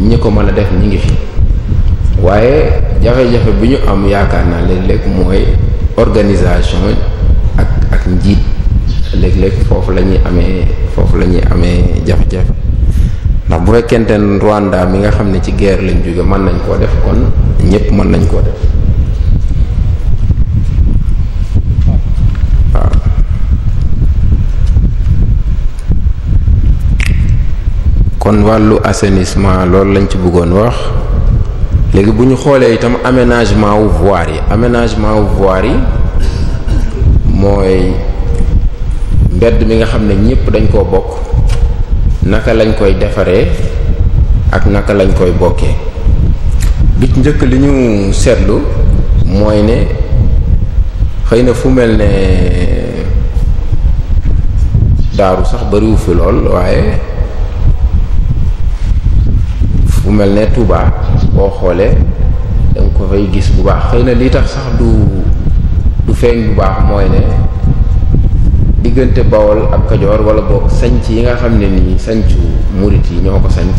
ñi ko mën a def ñi ngi fi waaye jafe-jafe bi ñu am yaakaar naa léeg-léeg mooy organisation ak ak njiit léeg-léeg foofu la ñuy amee foofu la ñuy amee jafe-jafe ndax bu fekkente ne Rwanda mi nga xam ne ci guerre lañ jóge mën nañ koo def kon ñépp mën nañ koo def waaw kon wàllu assainissement loolu lañ ci bëggoon wax léegi bu ñu xoolee itam aménagement wu voies yi aménagement wu voir yi mooy mbedd mi nga xam ne ñépp dañ koo bokk naka lañ koy defaree ak naka lañ koy bokkee bi njëkk li ñu seetlu mooy ne xëy na fu mel ne daaru sax bariwu fi lool waaye fu mel ne Touba boo xoolee danga ko gis bu baax xëy na li tax sax du du feeñ bu baax mooy ne diggante Bawol ak Kajoor wala boog sanc yi nga xam ne nii sancu murit yi ñoo ko sanc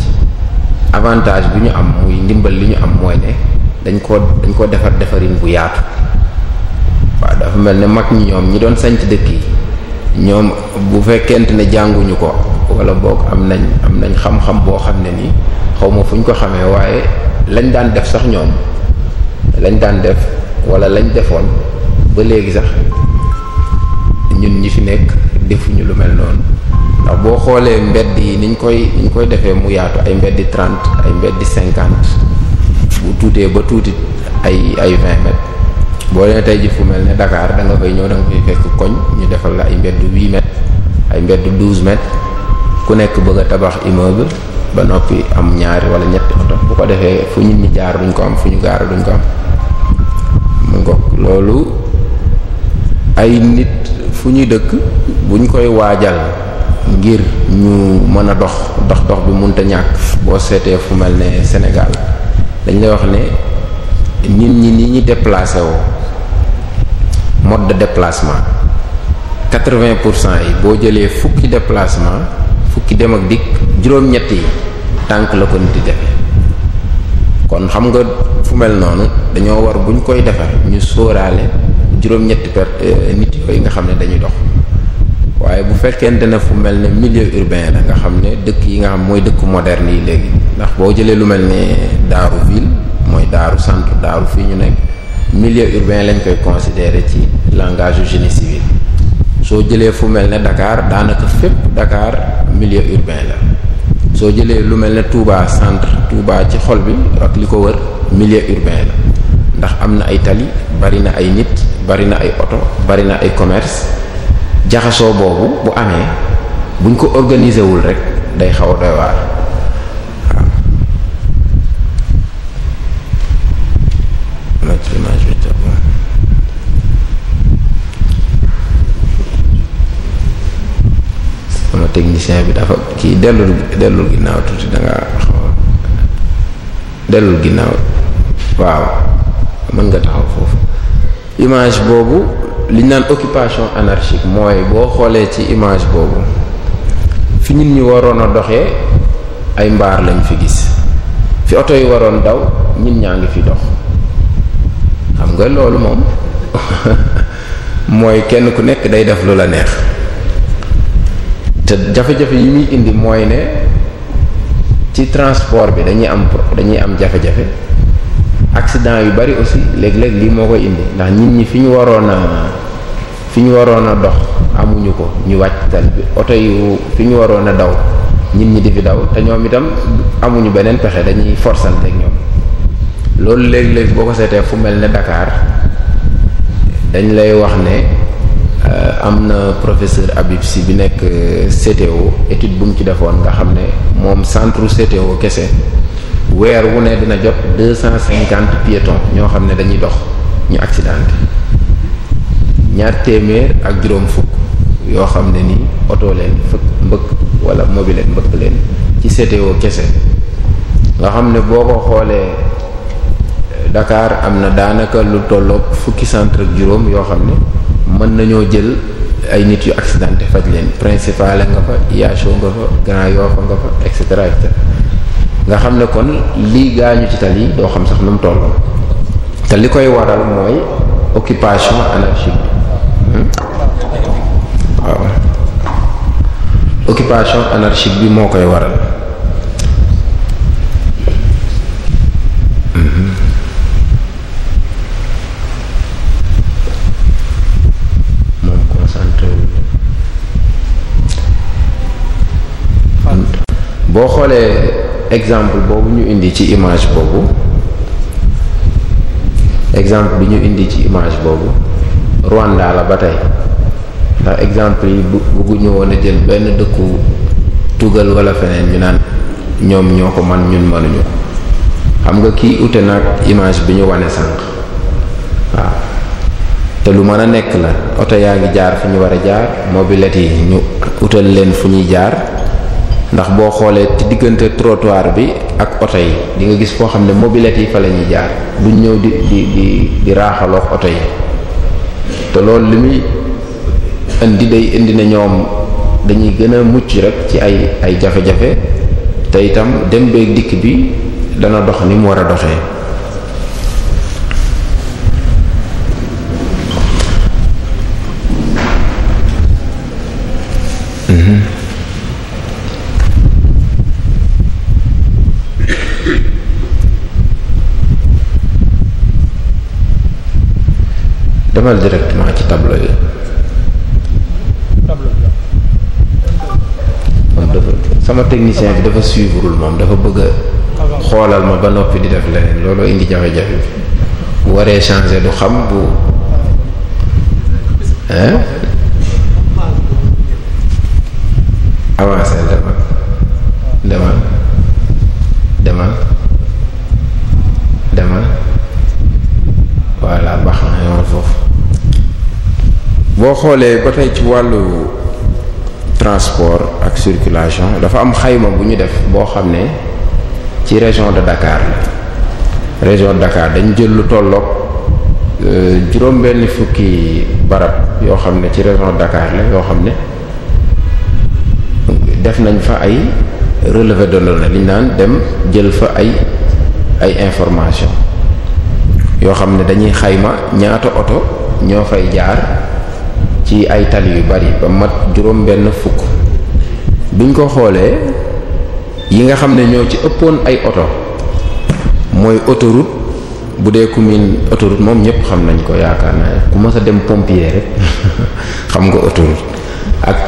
avantage bi ñu am ndimbal li ñu am mooy dañ koo dañ koo defar defarin bu yaatu waaw dafa mel ne mag ñoom ñi doon sanc dëkk yi ñoom bu fekkente ne jànguñu ko walla boog am nañ am nañ xam-xam boo xam ne nii xaw ma fu ñu ko xamee waaye lañ daan def sax ñoom lañ daan def wala lañ defoon ba léegi sax ñun ñi fi nekk ñu lu mel noonu ndax boo xoolee mbedd yi niñ koy niñ koy defee mu yaatu ay mbedd trente ay mbedd cinquante bu tuutee ba tuuti ay ay vingt mètres boo leen tey ji fu mel ne dakaar da nga fay ñëw da nga fekk koñ ñu defal la ay mbedd huit mètres ay mbedd douze mètres ku nekk bëgg a tabax immeuble ba noppi am ñaari wala ñetti oto bu ko defee fu nit ñi jaar duñ ko am fu ñu gaara duñ ko am mu ngoog loolu ay nit fu ñuy dëkk buñ koy waajal ngir ñu mën a dox dox dox bi mënta ñàkk boo seetee fu mel ne Sénégal dañ lay wax ne nit ñi ni ñi déplacé woo mode de déplacement quatre-vingts pour cent yi boo jëlee fukki déplacement fukki dem ak dikk juróom-ñett yi tànk la ko nit di kon xam nga fu mel noonu dañoo war buñ koy defar ñu sooraale juróom-ñetti per euh, nit yooyu nga xam ne dañuy dox waaye bu fekkente ne fu mel ne milieu urbain la nga xam ne dëkk yi nga xam mooy dëkk moderne yi léegi ndax boo jëlee lu mel ne daaru ville mooy daaru centre daaru fii ñu nekk milieu urbain lañ koy considérer ci langage génie civil soo jëlee fu mel ne Dakar daanaka fépp Dakar milieu urbain la soo jëlee lu mel ne tuubaa centre tuubaa ci xol bi ak li ko wër milieu urbain la ndax am na ay tali bari na ay nit bari na ay oto bari na ay commerce jaxasoo boobu bu amee buñ ko organiser wul rek day xaw a doy waar technicien bi dafa kii dellul ginnaaw tuuti da nga xaw waaw. mën nga taxaw foofu image boobu liñ naan occupation anarchique mooy boo xoolee ci image boobu fi nit ñi waroon a doxee ay mbaar lañ fi gis fi oto yi waroon daw nit ñaa ngi fi dox xam nga loolu moom [laughs] mooy kenn ku nekk day def lu la neex te jafe-jafe yi muy indi mooy ne ci transport bi dañuy am dañuy am jafe-jafe accident yu bari aussi léeg-léeg lii moo ko indi ndax nit ñi fi ñu waroon a fi ñu waroon a dox amuñu ko ñu wàcc tal bi oto yu fi ñu waroon a daw nit ñi di fi daw te ñoom itam amuñu beneen pexe dañuy forsanteeg ñoom loolu léeg boo ko seetee fu mel ne dakaar dañ lay wax ne. Euh, am na professeur Habib Sy bi nekk euh, CTO étude bu mu ci defoon nga xam ne moom centre CTO kese weer wu ne dina jot deux cent cinquante piétons ñoo xam ne dañuy dox ñu accidenté ñaar téeméer ak juróom fukk yoo xam ne nii oto leen fëkk mbëkk wala mobile leen mbëkk leen ci CTO kese nga xam ne boo ko xoolee euh, dakaar am na daanaka lu tolloog fukki centre ak juróom yoo xam ne mën nañoo jël ay nit yu accidenté faj leen principal nga fa Yaasho nga fa Grand Yoff nga fa et cetera nga xam ne kon lii gaañu ci tali doo xam sax nu mu te li koy waral mooy occupation anarchique bi hmm? waaw moo koy waral hmm. moom concentré boo xoolee exemple boobu ñu indi ci image boobu exemple bi ñu indi ci image boobu Rwanda la ba tey ndax exemple yi bu bëgguñu woon a jël benn dëkku tugal wala feneen ñu naan ñoom ñoo ko man ñun mënuñu xam nga kii ute nag image bi ñu wane sànq waa te lu mën a nekk la oto yaa ngi jaar fu ñu war a jaar mobilette yi ñu utal leen fu ñuy jaar ndax boo xoolee ci diggante trottoir bi ak oto yi di nga gis foo xam ne mobilette yi fa la jaar duñ ñëw di di di di raaxaloo oto yi te loolu li muy indi day indi na ñoom dañuy gën a mucc rek ci ay ay jafe-jafe te itam dem beeg dikk bi dana dox ni mu war a doxee. Mhm. demal directement ci tableau yi moom dafa sama technicien bi dafa suivreul moom dafa bëgg a xoolal ma ba noppi di def leneen looloo indi jafe-jafe bu waree changer du xam bu hein avancé demal demal demal boo xoolee ba tey ci wàllu transport ak circulation dafa am xayma bu ñu def boo xam ne ci région de Dakar la région de Dakar dañ jël lu tolloog euh, juróom benn fukki barab yoo xam ne ci région de Dakar la yoo xam ne def nañ fa ay relevé de données liñ naan dem jël fa ay ay information yoo xam ne dañuy xayma ñaata oto ñoo fay jaar ci ay tali yu bari ba mat juróom benn fukk biñ ko xoolee yi nga xam ne ñoo ci ëppoon ay oto mooy autoroute bu dee commune autoroute moom ñépp xam nañ ko yaakaar naa ku mës a dem pompier rek [laughs] xam nga autoroute ak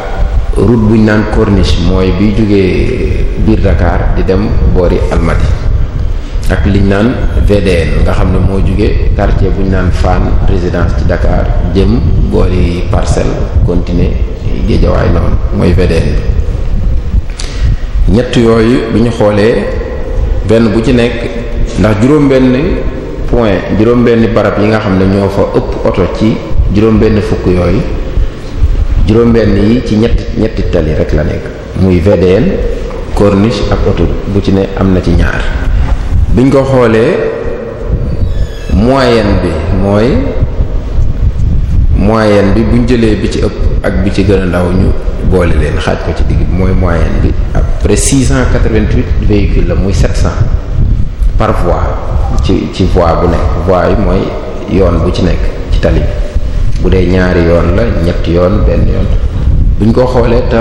route buñ naan corniche mooy biy jógee biir Dakar di dem boori Almadi ak liñ naan VDN nga xam ne moo jóge quartier buñ naan Fann résidence ci Dakar jëm boori parcelle continuer géejawaay noonu mooy VDN bi ñett yooyu bi ñu xoolee benn bu ci nekk ndax juróom-benn point juróom-benn barab yi nga xam ne ñoo fa ëpp oto ci juróom-benn fukk yooyu juróom-benn yi ci ñetti ñetti tali rek la nekk muy VDN corniche ak autoroute bu ci ne am na ci ñaar biñ ko xoolee moyenne bi mooy moyenne bi buñ jëlee bi ci ëpp ak bi ci gën a ndaw ñu boole leen xaaj ko ci digg bi mooy moyenne bi après 688 véhicules la muy 700 par voie ci ci voie bu nekk voie yi mooy yoon bu ci nekk ci tali bu dee ñaari yoon la ñetti yoon benn yoon buñ ko xoolee te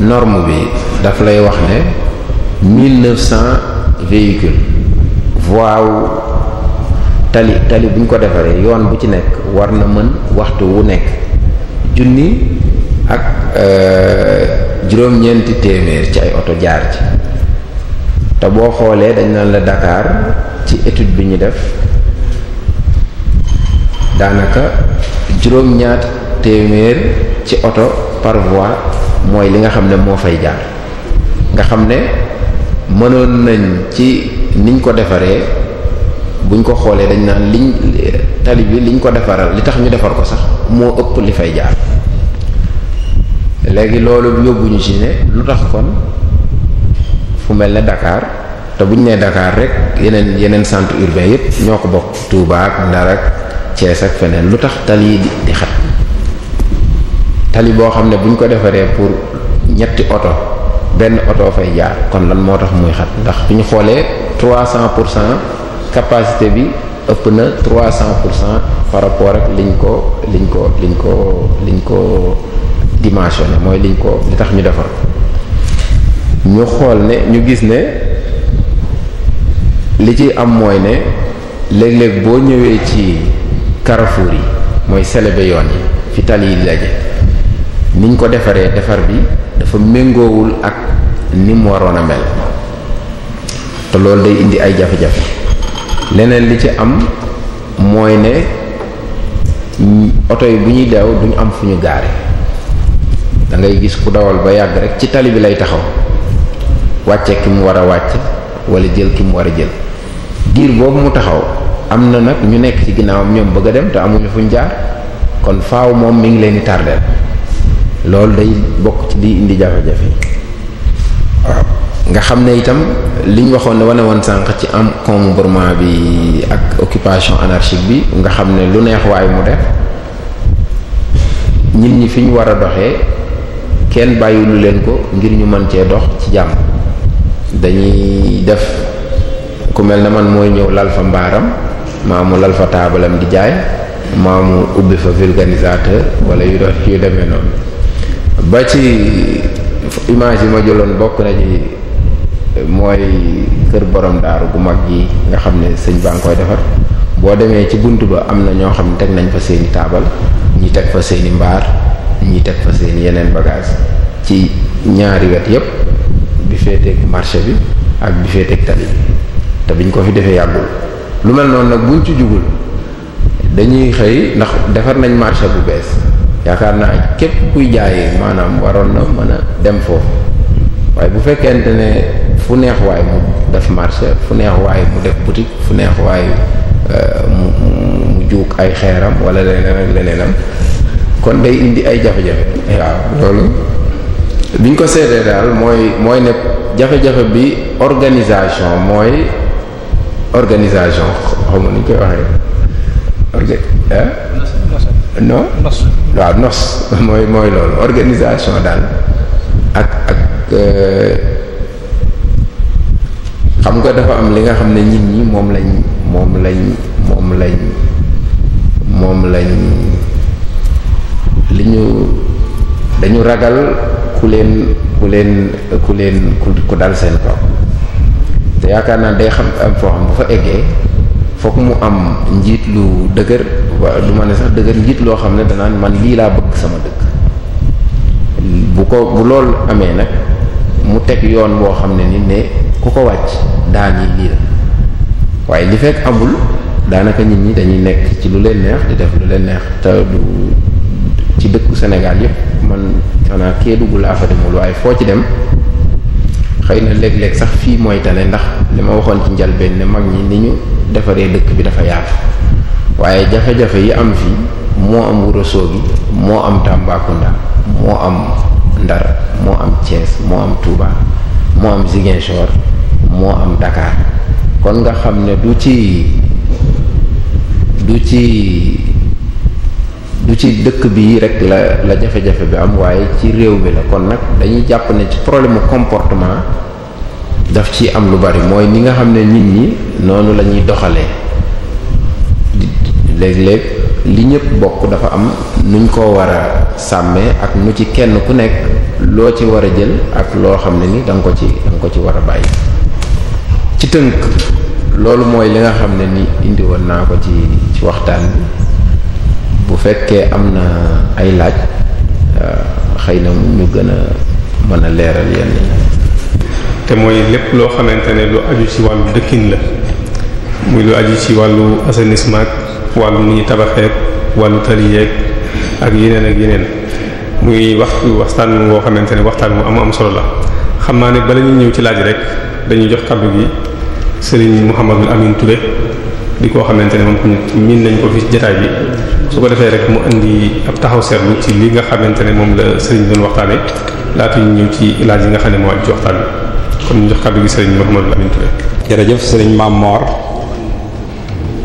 norme bi daf lay wax ne véhicule voie wu tali tali bu ko defaree yoon bu ci nekk war na mën waxtu wu nekk junni ak euh, juróom-ñeenti téeméer ci ay oto jaar ci te boo xoolee dañ naan la Dakar ci étude bi ñu def daanaka juróom-ñaat téeméer ci oto par mooy li nga xam ne moo fay jaar nga xam ne mënoon nañ ci niñ ko defaree buñ ko xoolee dañ naan liñ tali bi liñ ko defaral li tax ñu defar ko sax moo ëpp li fay jaar léegi loolu yóbbuñu ci ne lu tax kon fu mel ne dakaar te buñ nee dakaar rek yeneen yeneen sant urbain yëpp ñoo ko bokk tuubaak ak Ndar ak Thiès feneen lu tax tali di xat tali boo xam ne buñ ko defaree pour ñetti oto benn oto fay jaar kon lan moo tax muy xat ndax bi ñu xoolee trois cent pour cent capacité bi ëpp na trois cent pour cent par rapport ak liñ ko liñ ko liñ ko liñ ko dimensionné mooy liñ ko li tax ñu defar ñu xool ne ñu gis ne li ci am mooy ne léeg-léeg boo ñëwee ci carrefour yi mooy selebe yoon yi fi tali yi daje niñ ko defaree defar bi dafa méngoowul ak ni mu waroon a mel te loolu day indi ay jafe-jafe leneen li ci am mooy ne oto yi bu ñuy deew duñ am fu ñu gaare da ngay gis ku dawal ba yàgg rek ci tali bi lay taxaw wàcce ki mu war a wàcc wala jël ki mu war a jël diir boobu mu taxaw am na nag ñu nekk ci ginnaawam ñoom bëgg a dem te amuñu fu ñu jaar kon faaw moom mi ngi leen di tardeel loolu day bokk ci liy indi jafe-jafe waaw nga xam ne itam liñ waxoon ne wane woon sànq ci am encombrement bi ak occupation anarchique bi nga xam ne lu neex waaye mu def nit ñi fi ñu war a doxee kenn bàyyilu leen ko ngir ñu mën cee dox ci jàmm dañuy def ku mel ne man mooy ñëw lal fa mbaaram maamu lal fa taabalam di jaay maamu ubbi fa vulcanisateur wala yu dox noonu ba ci image yi ma jëloon bokk na ci euh, mooy kër borom daaru bu mag yi nga xam ne sëñ baa ngi koy defar boo demee ci bunt ba am na ñoo xam ne teg nañ fa seeni taabal ñi teg fa seeni mbaar ñi teg fa seeni yeneen bagage ci ñaari wet yépp bi féeteeg marché bi ak bi féeteeg tali bi te biñ ko fi defee yàggul lu mel noonu nag buñ ci jugul dañuy xëy ndax defar nañ marché bu bees yaakaar naa képp kuy jaayee maanaam waroon na mën a dem foofu waaye bu fekkente ne fu neex waay mu def marché fu neex waay mu def boutique fu neex waay euh, mu mu juug ay xeeram wala leneen ak leneenam kon day indi ay jafe-jafe waaw loolu biñ ko seetee daal mooy mooy ne jafe-jafe bi organisation mooy organisation xaw ma nuñ koy waxee orga no nos waaw nos [laughs] mooy mooy loolu organisation daal ak ak euh, xam nga dafa am li nga xam ne nit ñi moom lañ moom lañ moom lañ moom lañ li ñu dañu ragal ku leen ku leen ku leen ku dal seen kaw te yaakaar naa day xam am foo xam bu fa eggee fokk mu am njiit lu dëgër wa du ma ne sax dëgër njiit loo xam ne danaan man lii laa bëgg sama dëkk bu ko bu loolu amee nag mu teg yoon boo xam ne ni ne ku ko wàcc daan lii la waaye li fekk amul daanaka nit ñi dañuy nekk ci lu leen neex di def lu leen neex te du ci dëkku Sénégal yëpp man xanaa Kédougou laa fa demul waaye foo ci dem xëy na léeg-léeg sax fii mooy tane ndax li ma waxoon ci njalbeen ne mag ñi ni ñu defaree dëkk bi dafa yaatu waaye jafe-jafe yi am fii moo am Ouro Sogui moo am Tambacounda moo am Ndar moo am Thiès moo am Touba moo am Ziguinchor moo am Dakar kon nga xam ne du ci du ci du ci dëkk bii rek la la jafe-jafe bi am waaye ci réew mi la kon nag dañuy jàpp ne ci problème comportement daf ci am lu bari mooy ni nga xam ne nit ñi noonu la ñuy doxalee léeg-léeg li ñëpp bokk dafa am nuñ ko war a sàmmee ak nu ci kenn ku nekk loo ci war a jël ak loo xam ne ni da ko ci da ko ci war a bàyyi ci tënk loolu mooy li nga xam ne ni indi woon naa ko ci ci waxtaan bi bu fekkee am na ay laaj euh, xëy na ñu gën a mën a leeral yenn yi te mooy lépp loo xamante ne lu aju ci wàllu dëkkin la muy lu aju ci wàllu assainissement ak wàllu ni ñu tabaxeek wàllu tali yeeg ak yeneen ak yeneen muy wax waxtaan woo xamante ne waxtaan mu am am solo la xam naa ne bala ñu ñëw ci laaj rek dañuy jox kàddu gi Serigne Mouhamadou Amine Touré di koo xamante ne moom tamit miin nañ ko fi jotaay bi su ko defee rek mu indi ab taxaw seetlu ci li nga xamante ne moom la sëriñ doon waxtaane laata ñu ñëw ci laaj yi nga xam ne moo ci waxtaan bi kon ñu jox kàddu gi sëriñ Mouhamadou jërëjëf sëriñ Mame Mor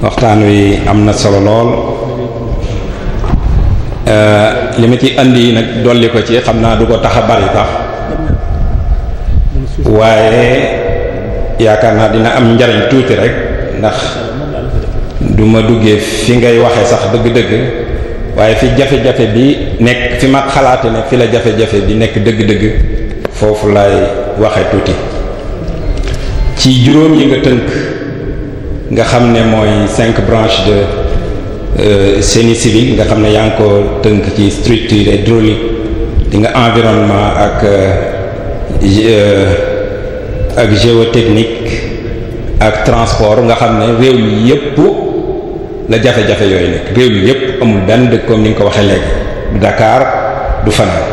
waxtaan wi am na solo lool euh, li ma ci indi nag dolli ko ci xam naa du ko tax a bari tax waaye yaakaar naa dina am njariñ tuuti rek ndax du ma duggee fi ngay waxee sax dëgg-dëgg waaye fi jafe-jafe bi nekk fi ma xalaate ne fi la jafe-jafe bi nekk dëgg-dëgg foofu lay waxe tuuti ci juróom yi nga tënk nga xam ne mooy cinq branches de génie euh, civil nga xam ne yaa ngi ko tënk ci structure hydraulique di nga environnement ak euh, ak géotechnique ak transport nga xam ne réew mi yépp la jafe-jafe yooyu nekk réew mi yépp amul benn dëkk comme ni nga ko waxee léegi du Dakar du fanaan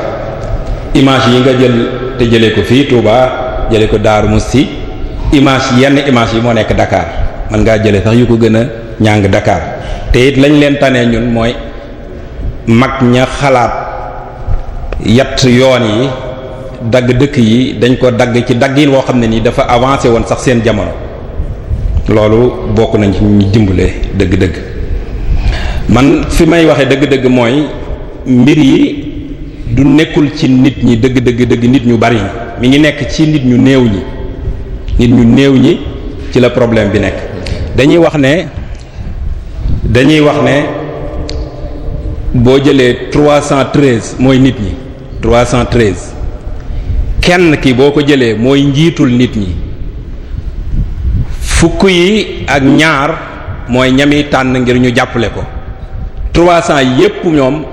image yi nga jël te jëlee ko fii Touba jëlee ko daaru Darou si image yenn image yi moo nekk Dakar mën ngaa jëlee sax yu ko gën a ñàng Dakar te it lañ leen tanee ñun mooy mag ña xalaat yatt yoon yi dagg dëkk yi dañ ko dagg ci dagg yi woo xam ne nii dafa avancé woon sax seen jamono. loolu bokk nañ ci ñu dimbale dëgg-dëgg man fi may waxee dëgg-dëgg mooy mbir yi du nekkul ci nit ñi dëgg dëgg dëgg nit ñu bari mi ngi nekk ci nit ñu néew ñi nit ñu néew ñi ci la problème bi nekk dañuy wax ne dañuy wax ne boo jëlee 313 mooy nit ñi 313 kenn ki boo ko jëlee mooy njiitul nit ñi fukk yi ak ñaar mooy ñami tànn ngir ñu jàppale ko trois cents yépp ñoom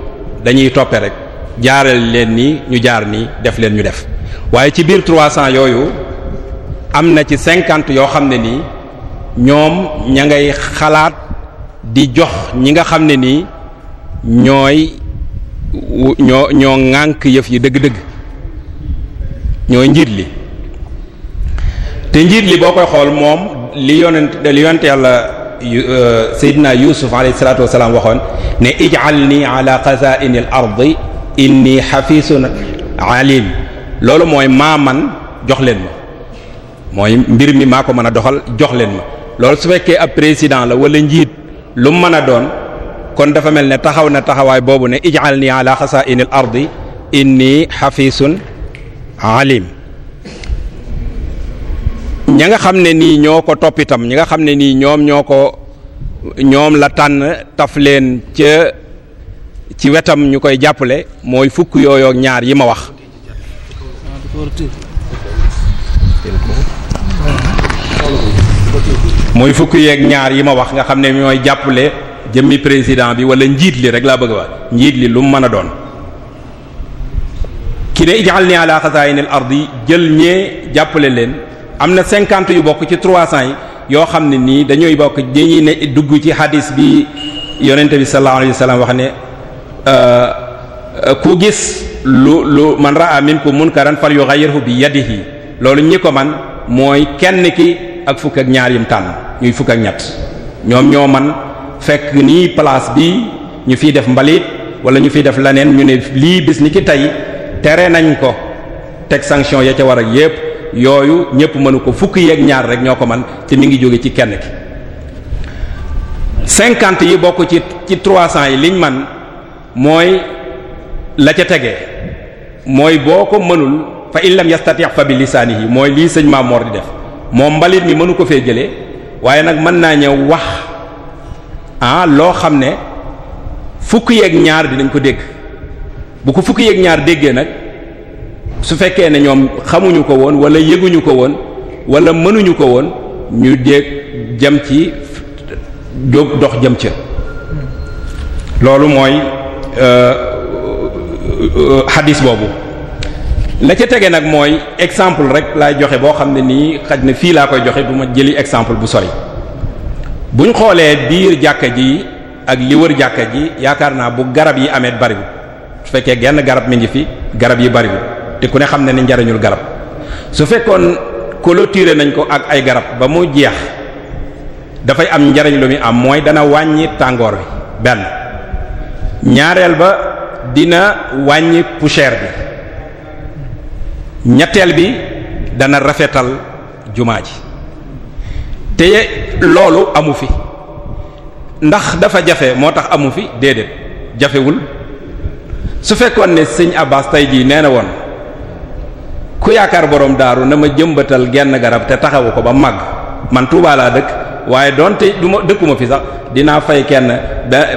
dañuy toppe rek jaaral leen nii ñu jaar ni def leen ñu def waaye ci biir trois cents yooyu am na ci cinquante yoo xam ne ni ñoom ña ngay xalaat di jox ñi nga xam ne nii ñooy ñoo ñoo ŋànk yëf yi dëgg-dëgg ñooy njiit li te njiit li boo koy xool moom li yonent li yonent yàlla euh, Seydina Yusuf alayhi salaatu wa salaam waxoon ne ij'alni ala xazaa'ini al-ardi inni xafisun alim loolu mooy maa man jox leen ma mooy mbir mi maa ko mën a doxal jox leen ma loolu su fekkee ab président la wala njiit lu mën a doon kon dafa mel ne taxaw na taxawaay boobu ne ij'alni ala xazaa'ini al-ardi inni xafisun alim ña nga xam ne nii ñoo ko topp itam ñi nga xam ne nii ñoom ñoo ko ñoom la tànn taf leen ca ci wetam ñu koy jàppale mooy fukk yooyu ñaar yi ma wax mooy fukk yeeg ñaar yi ma wax nga xam ne mooy jàppale jëmmi président bi wala njiit li rek laa bëgg a wax njiit li lu mu mën a doon ki ne ij'alni ala xazaa'inil ardi jël ñee jàppale leen am na cinquante yu bokk ci trois cents yi yoo xam ne nii dañuy bokk dañuy dugg ci hadis bi yonent bi sallallahu alayhi wax ne euh, euh, ku gis lu lu man ra'a minkum munkaran falyughayyirhu bi yadihi loolu ñi ko man mooy kenn ki ak fukk ak ñaar yim tànn ñuy fukk ak ñett ñoom ñoo man fekk nii place bi ñu fiy def mbalit wala ñu fiy def leneen ñu ne lii bis ni ki tey tere nañ ko teg sanction ya ca war ak yépp yooyu ñëpp mënu ko fukki yeeg ñaar rek ñoo ko man te mu ngi jóge ci kenn ki cinquante yi bokk ci ci trois cents yi liñ man mooy la ca tegee mooy boo ko mënul fa illam yastati' fa bi lisaanihi mooy lii sëñ Maam Mor di def moo mbalit mi mënu ko fee jëlee waaye nag mën naa ñëw wax ah loo xam ne fukk yeeg ñaar dinañ ko dégg bu ko fukki yeeg ñaar déggee nag su fekkee ne ñoom xamuñu ko woon wala yëguñu ko woon wala mënuñu ko woon ñu déeg jëm ci jóg dox jëm ca loolu mooy xadis euh, euh, boobu la ca tege nag mooy exemple rek laay joxe boo xam ne nii xaj na fii laa koy joxe bu ma jëli exemple bu sori buñ xoolee biir jàkka ji ak li wër jàkka ji yaakaar naa bu garab yi amee bariwul su fekkee genn garab mi ngi fi garab yi bariwul te ku ne xam ne ni njariñul garab su fekkoon clôturer nañ ko ak ay garab ba mu jeex dafay am njariñ lu muy am mooy dana wàññi tàngoor wi benn ñaareel ba dina wàññi poussière bi ñetteel bi dana rafetal jumaa ji te loolu amu fi ndax dafa jafe moo tax amu fi déedéet jafewul su fekkoon ne sëñ Abbas tey jii nee na woon ku yaakaar borom daaru na ma jëmbatal genn garab te taxawu ko ba màgg man Touba laa dëkk waaye donte du ma dëkkuma fi sax dinaa fay kenn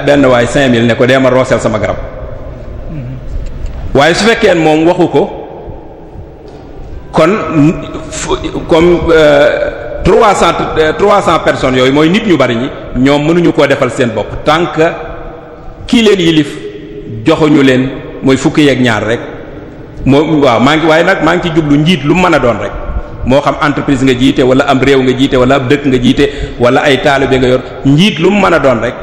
benn waay cinq mille ne ko dee ma rooseel sama garab waaye su fekkee moom waxu ko kon comme euh, trois cent euh, trois cent personnes yooyu mooy nit ñu bari ñi ñoom mënuñu koo defal seen bopp tant que kii leen yilif joxuñu leen mooy fukki yeeg ñaar rek moom waaw maa ngi waaye nag maa ngi ci jublu njiit lu mën a doon rek moo xam entreprise nga jiite wala am réew nga jiite wala am dëkk nga jiite wala ay taalibe nga yor njiit lu mu mën a doon rek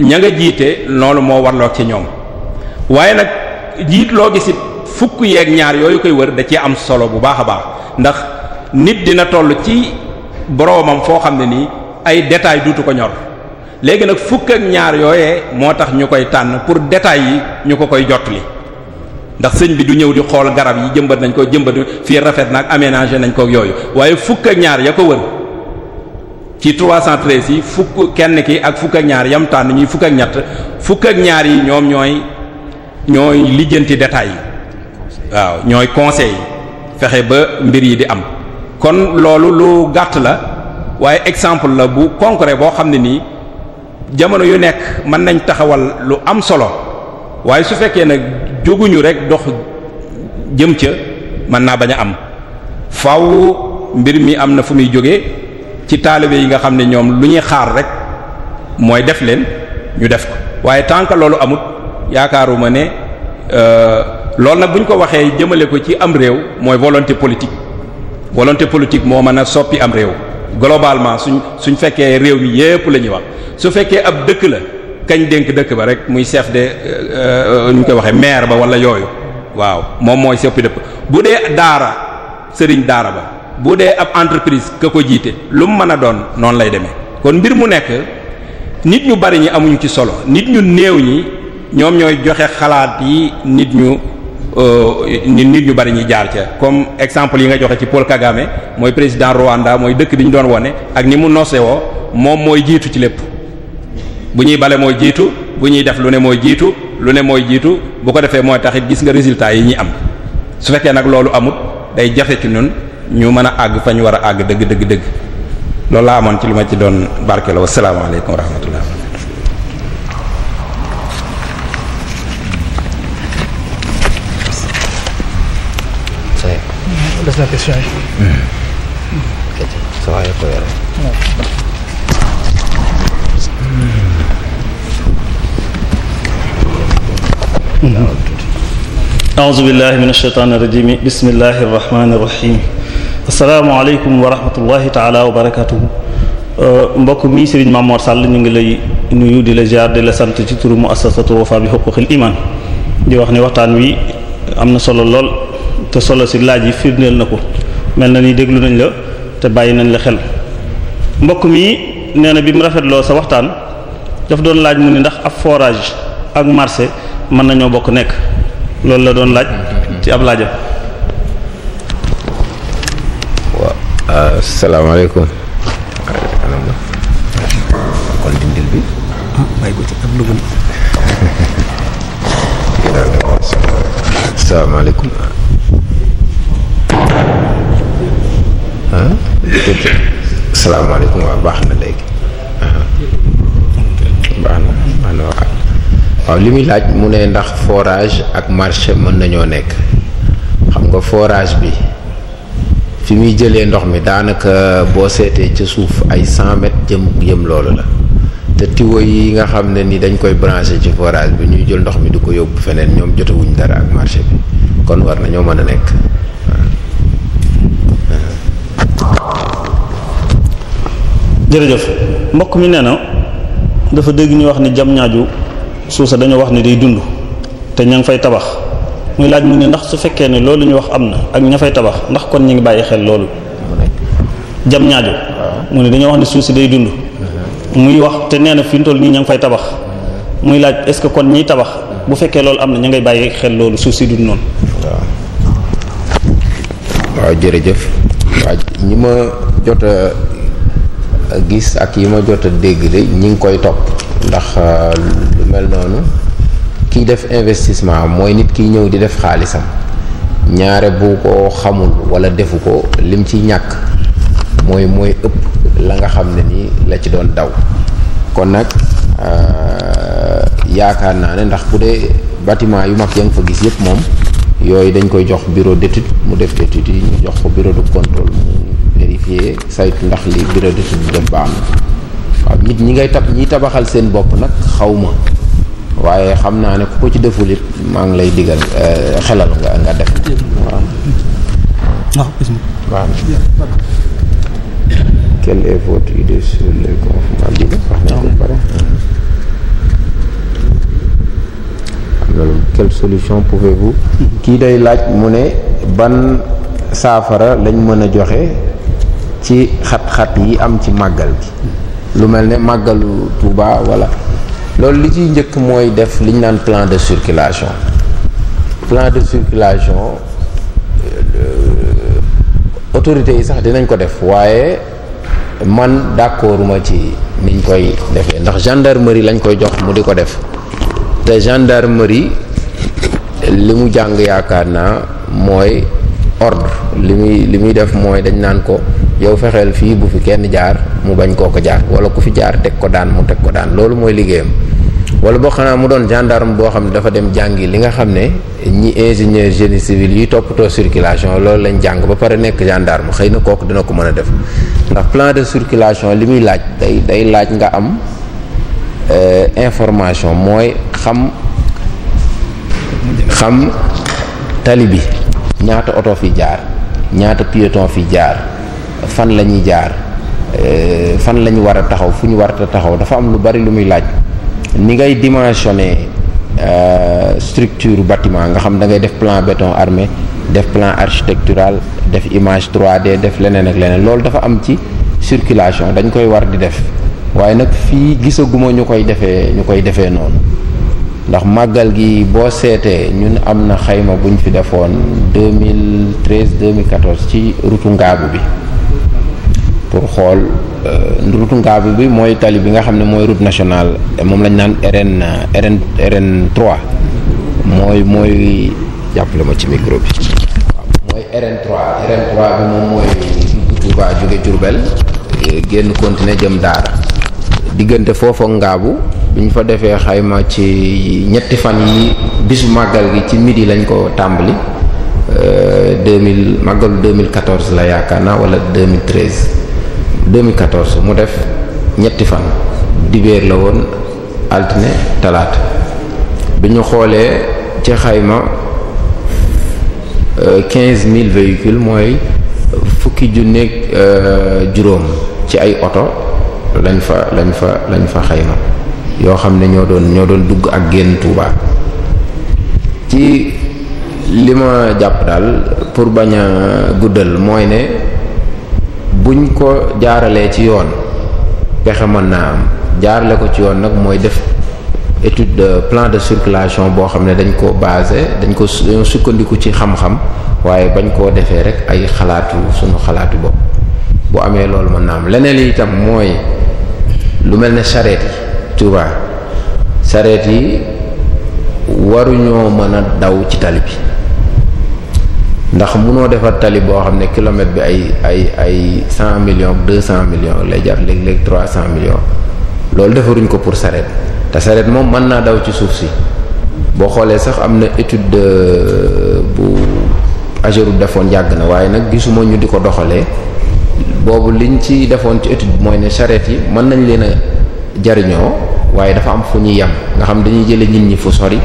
ña nga jiite loolu moo warloog ci ñoom waaye nag jiit loo gisit fukk yeeg ñaar yooyu koy wër da cee am solo bu baax a baax ndax nit dina toll ci boromam foo xam ne nii ay détails duutu ko ñor léegi nag fukk ak ñaar yooyee moo tax ñu koy tànn pour détails yi ñu ko koy jottali ndax señ bi du ñëw di xool garab yi jëmbat nañ ko jëmbat fii rafet nag aménagé nañ ko yooyu waaye fukk ak ñaar ya ko wër ci 313 yi fukk kenn ki ak fukk ñaar yam tànn ñuy fukk ak ñett fukk ak ñaar yi ñoom ñooy ñooy lijjanti détails yi waaw ñooy conseil fexe ba mbir yi di am kon loolu lu gàtt la waaye exemple la bu concret boo xam ne nii jamono yu nekk mën nañ taxawal lu am solo waaye su fekkee nag jóguñu rek dox jëm ca mën naa bañ a am faw mbir mi am na fu muy jóge ci taalibe yi nga xam ne ñoom lu ñuy xaar rek mooy def leen ñu def ko waaye tant que loolu amut yaakaaruma ne euh, loolu nag bu ñu ko waxee jëmale ko ci am réew mooy volonté politique volonté politique moo mën a soppi am réew globalement suñ suñ fekkee réew mi yépp la ñuy wax su fekkee ab dëkk la. kañ dénk dëkk ba rek muy chef de euh, euh, nu ñu koy waxee maire ba wala yooyu waaw moom mooy soppi dëpp bu dee daara sëriñ daara ba bu dee ab entreprise ka ko jiite lu mu mën a doon noonu lay demee kon mbir mu nekk nit ñu bari ñi amuñu ci solo nit ñu néew ñi ñoom ñooy joxe xalaat yi nit ñu euh, nit ñu bari ñi jaar ca comme exemple yi nga joxe ci Paul Kagame mooy président Rwanda mooy dëkk bi ñu doon wone ak ni mu nosewoo moom mooy jiitu ci lépp bu ñuy bale mooy jiitu bu ñuy def lu ne mooy jiitu lu ne mooy jiitu bu ko defee mooy taxit gis nga résultat yi ñuy am su fekkee nag loolu amut day jafe ci ñun ñu mën a àgg fa ñu war a àgg dëgg dëgg dëgg loolu laa amoon ci li ma ci doon barke la wasalaamaaleykum Mm-hmm. aouzu billahi min asheytaani irajimi bismillahi irrahmani irrahim asalaamaaleykum wa rahmatullahi uh, mbokk mi Serigne Mamor Sall ñu ngi lay nuyu di la ziar di la sant ci turu muassasatu Wafa bi xuquqil iman di wax ne waxtaan wi am na solo lool te solo si laaj yi firndeel na ko mel na ni déglu nañ la te bàyyi nañ la xel mbokk mi nee na bi mu rafet rafetloo sa waxtaan daf doon laaj mu ni ndax ab forage ak marché mën nañoo bokk nekk loolu la doon laaj ci ab laajam waaw asalaamaaleykum ah, kon dindil bi ah? waa baax na léegi ah. baax na baax na waaw li muy laaj mu ne ndax forage ak marché mën nañoo nekk xam nga forage bi fi muy jëlee ndox mi daanaka boo seetee ca suuf ay cent mètres jëm jëm loolu la te tiwo yi nga xam ne ni dañ koy branché ci forage bi ñuy jël ndox mi du ko yóbbu feneen ñoom jotewuñ dara ak marché bi kon war nañoo mën a nekk jërëjëf mbokk mi nee na dafa dégg ñu wax ni jam ñaaju suuf sa dañoo wax ne day dund te ña ngi fay tabax muy laaj mu ne ndax su fekkee ne loolu ñu wax am na ak ña fay tabax ndax kon ñu ngi bàyyi xel loolu jam ñaajo mu ne dañoo wax ne suuf si day dund muy wax te nee na fi mu toll nii ña ngi fay tabax muy laaj est-ce que kon ñiy tabax bu fekkee loolu am na ña ngay bàyyi xel loolu suuf si dund noonu waaw jërëjëf ñi ma jot a gis ak yi ma jot a dégg de ñi ngi koy topp ndax euh, lu mel noonu kiy def investissement mooy nit kiy ñëw di def xaalisam ñaare bu ko xamul wala defu ko lim ci ñàkk mooy mooy ëpp la nga xam ne nii la ci doon daw kon nag euh, yaakaar naa ne ndax ku dee bâtiment yu mag yaa ngi fa gis yëpp moom yooyu dañ koy jox bureau d'étude mu def étude yi ñu jox ko bureau de contrôle mu vérifier saytu ndax li bureau d'étude bi baax ak nit ñi ngay tab ñi tabaxal seen bopp nag xaw ma waaye xam naa ne ku ko ci deful it maa ngi lay digal eh, xelal nga nga def waaw ah, waaw quelle est votre idée sur les confinements bi nañ ko pare ah. quelle solution pouvez-vous kii day laaj mu ne ban saafara lañ mën a joxe ci xat-xat yi am ci màggal gi lu mel ne màggalu Touba wala loolu li ciy njëkk mooy def li naan plan de circulation plan de circulation euh, autorités yi sax dinañ ko def waaye man d'accorduma ci niñ koy defee ndax gendarmerie lañ koy jox mu di ko def te gendarmerie li mu jàng yaakaar naa mooy ordre li muy li muy def mooy dañ naan ko yow fexeel fii bu fi kenn jaar mu bañ koo ko jaar wala ku fi jaar teg ko daan mu teg ko daan loolu mooy liggéeyam wala boo xanaa mu doon gendarme boo xam ne dafa dem jàngi li nga xam ne ñi ingénieur génie civil yi toppatoo circulation loolu lañ jàng ba pare nekk gendarme xëy na kooku dina ko mën a def ndax plan de circulation li muy laaj day day laaj nga am euh, information mooy xam xam tali bi ñaata oto fi jaar ñaata pieton fi jaar fan la ñuy jaar euh, fan la ñu war a taxaw fu ñu war a taxaw dafa am lu bari lu muy laaj ni ngay dimensionné euh, structure batiment nga xam da ngay def plan béton armé def plan architectural def image 3D def leneen ak leneen loolu dafa am ci circulation dañ koy war di def waaye nag fii gisaguma ñu koy defee ñu koy defee noonu ndax màggal gi boo seetee ñun am na xayma buñ fi defoon 2013 2014 ci rutu ngaabu bi pour xool euh, rutu ngaabu bi mooy tali bi nga xam ne mooy route nationale moom lañ naan RN RN RN mooy mooy jàppale ma ci micro bi mooy RN 3 RN 3 bi moom mooy Touba génn continuer jëm Daara diggante foofa ngaabu bi ñu fa defee xayma ci ñetti fan yi bisu màggal gi ci midi lañ ko tàmbali 2000 euh, màggalu 2014 la yaakaar naa wala 2013 2014 mu def ñetti fan dibéer la woon altine talaata bi ñu xoolee ci xayma 15000 euh, véhicules mooy fukki junneeg euh, juróom ci ay oto lañ fa lañ fa lañ fa xayma yoo xam ne ñoo doon ñoo doon dugg ak génn Touba ci li ma jàpp daal pour bañ a guddal mooy ne buñ ko jaaralee ci yoon pexe mën naa am jaarale ko ci yoon nag mooy def étude de plan de circulation boo xam ne dañ ko baase dañ ko sukkandiku ci xam-xam waaye bañ koo defee rek ay xalaatu suñu xalaatu bopp bu amee loolu mën naa am leneen yi itam mooy lu mel ne charrette yi Touba charrette yi waruñoo mën a daw ci tali bi ndax mu noo defar tali boo xam ne kilomètre bi ay ay ay cent millions deux cent millions lay jar léeg-léeg trois cent millions loolu defaruñ ko pour charrette te charrette moom mën naa daw ci suuf si boo xoolee sax am na étude bu Ageroute defoon jàgg na waaye nag gisuma ñu di ko doxalee. boobu liñ ci defoon ci étude mooy ne charrette yi mën nañ leen a jariñoo waaye dafa am fu ñuy yam nga xam dañuy jële nit ñi fu sori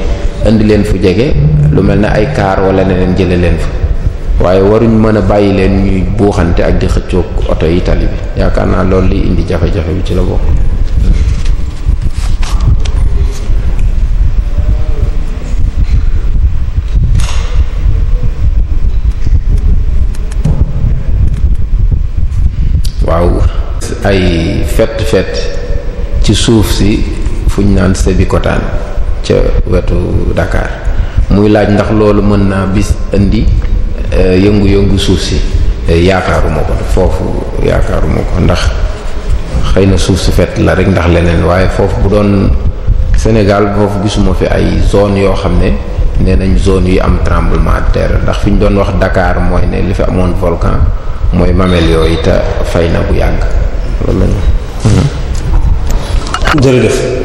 indi leen fu jege lu mel ne ay kaar wala leneen jële leen fa waaye waruñ mën a bàyyi leen ñuy buuxante ak di xëccoog oto yi tali bi yaakaar naa loolu liy indi jafe-jafe bi ci la bokk waaw ay fett fett ci suuf si fu ñu naan Sébikotane ca wetu Dakar muy laaj ndax loolu mën naa bis indi eh, yëngu-yëngu suuf si eh, yaakaaruma ko foofu yaakaaruma ko ndax xëy na suuf si fett la rek ndax leneen waaye foofu bu doon Sénégal foofu gisuma fi ay zone yoo xam ne nee nañ zone yi am tremblement de terre ndax fi ñu doon wax Dakar mooy ne li fi amoon volcan mooy mamel yooyu fay na bu yàgg loolu la ñu jërëjëf